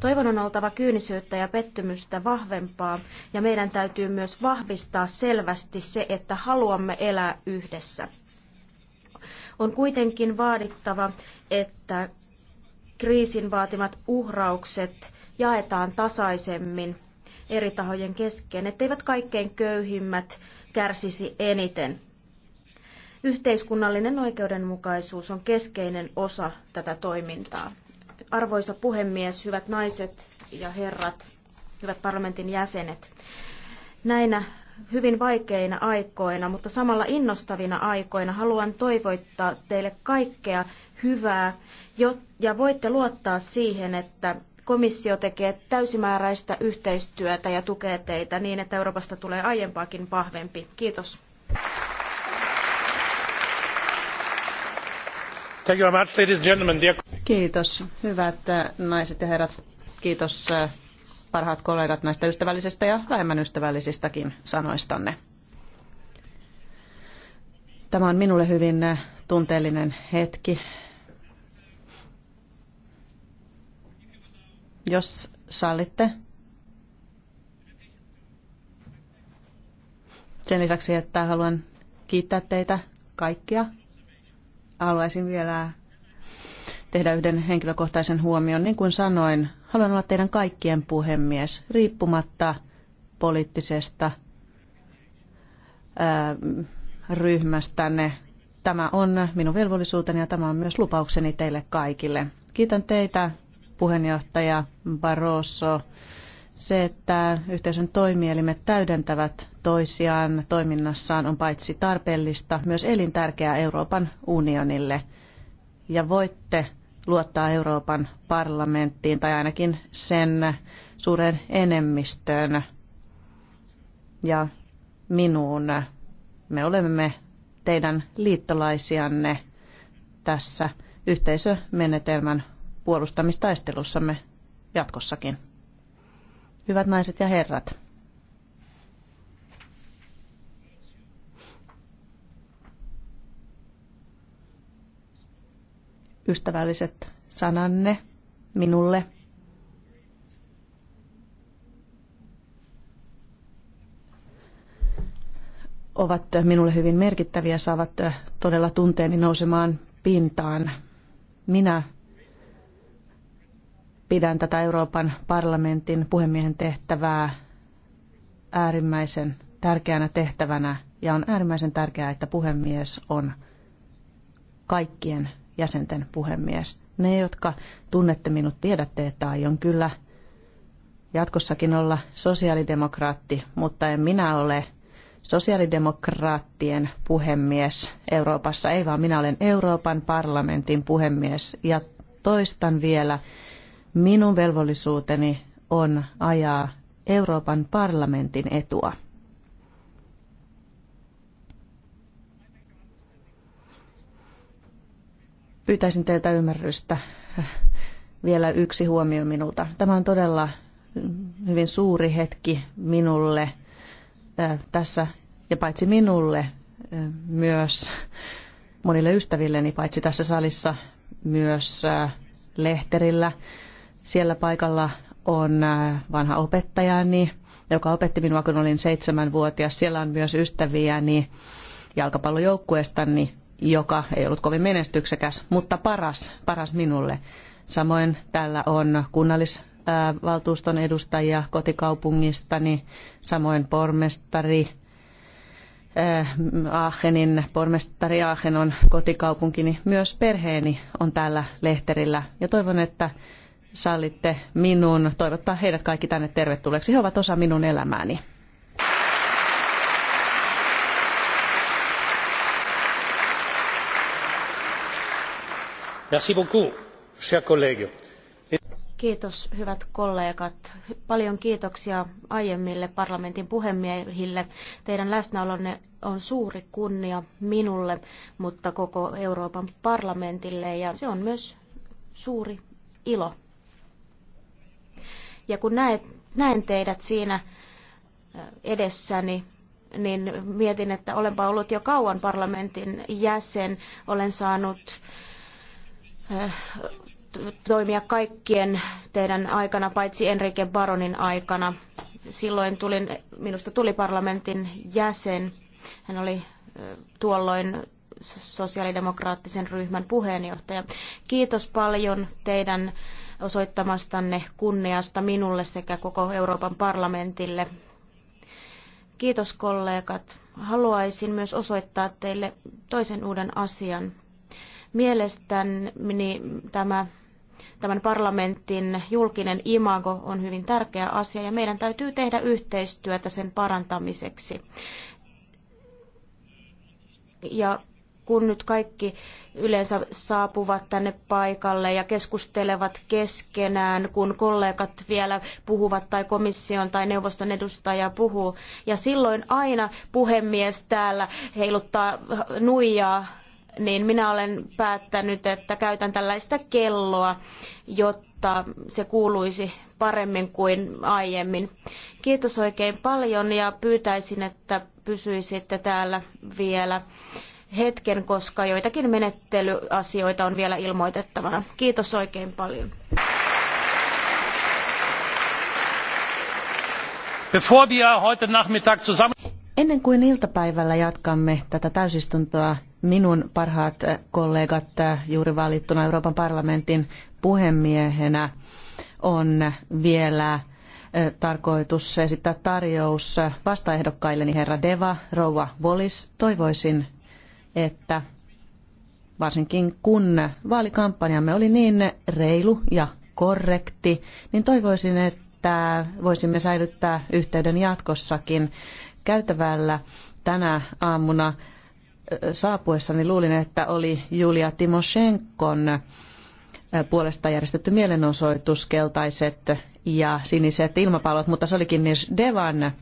Toivon on oltava kyynisyyttä ja pettymystä vahvempaa, ja meidän täytyy myös vahvistaa selvästi se, että haluamme elää yhdessä. On kuitenkin vaadittava, että kriisin vaatimat uhraukset jaetaan tasaisemmin eri tahojen kesken, etteivät kaikkein köyhimmät kärsisi eniten. Yhteiskunnallinen oikeudenmukaisuus on keskeinen osa tätä toimintaa. Arvoisa puhemies, hyvät naiset ja herrat, hyvät parlamentin jäsenet. Näinä hyvin vaikeina aikoina, mutta samalla innostavina aikoina haluan toivoittaa teille kaikkea hyvää ja voitte luottaa siihen, että komissio tekee täysimääräistä yhteistyötä ja tukee teitä niin, että Euroopasta tulee aiempaakin vahvempi. Kiitos. Kiitos, hyvät äh, naiset ja herrat. Kiitos äh, parhaat kollegat näistä ystävällisistä ja vähemmän ystävällisistäkin sanoistanne. Tämä on minulle hyvin äh, tunteellinen hetki. Jos sallitte. Sen lisäksi, että haluan kiittää teitä kaikkia haluaisin vielä tehdä yhden henkilökohtaisen huomion. Niin kuin sanoin, haluan olla teidän kaikkien puhemies, riippumatta poliittisesta ää, ryhmästänne. Tämä on minun velvollisuuteni ja tämä on myös lupaukseni teille kaikille. Kiitän teitä, puheenjohtaja Barroso se, että yhteisön toimielimet täydentävät toisiaan toiminnassaan on paitsi tarpeellista, myös elintärkeää Euroopan unionille. Ja voitte luottaa Euroopan parlamenttiin tai ainakin sen suuren enemmistöön ja minuun. Me olemme teidän liittolaisianne tässä yhteisömenetelmän puolustamistaistelussamme jatkossakin. Hyvät naiset ja herrat. Ystävälliset sananne minulle ovat minulle hyvin merkittäviä, saavat todella tunteeni nousemaan pintaan. Minä pidän tätä Euroopan parlamentin puhemiehen tehtävää äärimmäisen tärkeänä tehtävänä ja on äärimmäisen tärkeää, että puhemies on kaikkien jäsenten puhemies. Ne, jotka tunnette minut, tiedätte, että aion kyllä jatkossakin olla sosiaalidemokraatti, mutta en minä ole sosiaalidemokraattien puhemies Euroopassa, ei vaan minä olen Euroopan parlamentin puhemies ja toistan vielä, Minun velvollisuuteni on ajaa Euroopan parlamentin etua. Pyytäisin teiltä ymmärrystä. Vielä yksi huomio minulta. Tämä on todella hyvin suuri hetki minulle tässä, ja paitsi minulle, myös monille ystävilleni, paitsi tässä salissa, myös lehterillä, siellä paikalla on äh, vanha opettajani, joka opetti minua, kun olin seitsemänvuotias. Siellä on myös ystäviäni jalkapallojoukkueestani, joka ei ollut kovin menestyksekäs, mutta paras, paras minulle. Samoin täällä on kunnallisvaltuuston äh, edustajia kotikaupungistani, samoin pormestari, äh, Aachenin, pormestari Aachen on kotikaupunkini. Myös perheeni on täällä lehterillä ja toivon, että sallitte minun toivottaa heidät kaikki tänne tervetulleeksi. He ovat osa minun elämääni. Merci beaucoup, cher collègue. Kiitos, hyvät kollegat. Paljon kiitoksia aiemmille parlamentin puhemiehille. Teidän läsnäolonne on suuri kunnia minulle, mutta koko Euroopan parlamentille ja se on myös suuri ilo ja kun näet, näen teidät siinä äh, edessäni, niin mietin, että olenpa ollut jo kauan parlamentin jäsen, olen saanut äh, toimia kaikkien teidän aikana, paitsi Enrique Baronin aikana. Silloin tulin, minusta tuli parlamentin jäsen. Hän oli äh, tuolloin sosiaalidemokraattisen ryhmän puheenjohtaja. Kiitos paljon teidän osoittamastanne kunniasta minulle sekä koko Euroopan parlamentille. Kiitos kollegat. Haluaisin myös osoittaa teille toisen uuden asian. Mielestäni tämä tämän parlamentin julkinen imago on hyvin tärkeä asia ja meidän täytyy tehdä yhteistyötä sen parantamiseksi. Ja kun nyt kaikki yleensä saapuvat tänne paikalle ja keskustelevat keskenään, kun kollegat vielä puhuvat tai komission tai neuvoston edustaja puhuu. Ja silloin aina puhemies täällä heiluttaa nuijaa, niin minä olen päättänyt, että käytän tällaista kelloa, jotta se kuuluisi paremmin kuin aiemmin. Kiitos oikein paljon ja pyytäisin, että pysyisitte täällä vielä hetken, koska joitakin menettelyasioita on vielä ilmoitettavana. Kiitos oikein paljon. Ennen kuin iltapäivällä jatkamme tätä täysistuntoa, minun parhaat äh, kollegat äh, juuri valittuna Euroopan parlamentin puhemiehenä on vielä äh, tarkoitus esittää tarjous vastaehdokkailleni herra Deva, rouva Volis. Toivoisin että varsinkin kun vaalikampanjamme oli niin reilu ja korrekti, niin toivoisin, että voisimme säilyttää yhteyden jatkossakin käytävällä tänä aamuna saapuessani luulin, että oli Julia Timoshenkon puolesta järjestetty mielenosoitus, keltaiset ja siniset ilmapallot, mutta se olikin Nish Devan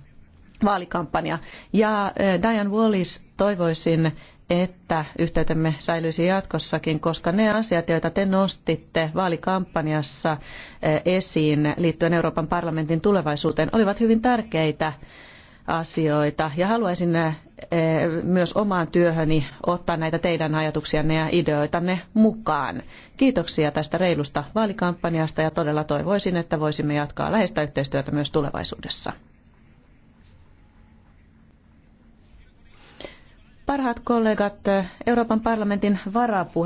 vaalikampanja. Ja eh, Diane Wallis toivoisin, että yhteytemme säilyisi jatkossakin, koska ne asiat, joita te nostitte vaalikampanjassa eh, esiin liittyen Euroopan parlamentin tulevaisuuteen, olivat hyvin tärkeitä asioita ja haluaisin eh, myös omaan työhöni ottaa näitä teidän ajatuksianne ja ideoitanne mukaan. Kiitoksia tästä reilusta vaalikampanjasta ja todella toivoisin, että voisimme jatkaa läheistä yhteistyötä myös tulevaisuudessa. Parhaat kollegat, Euroopan parlamentin varapuhe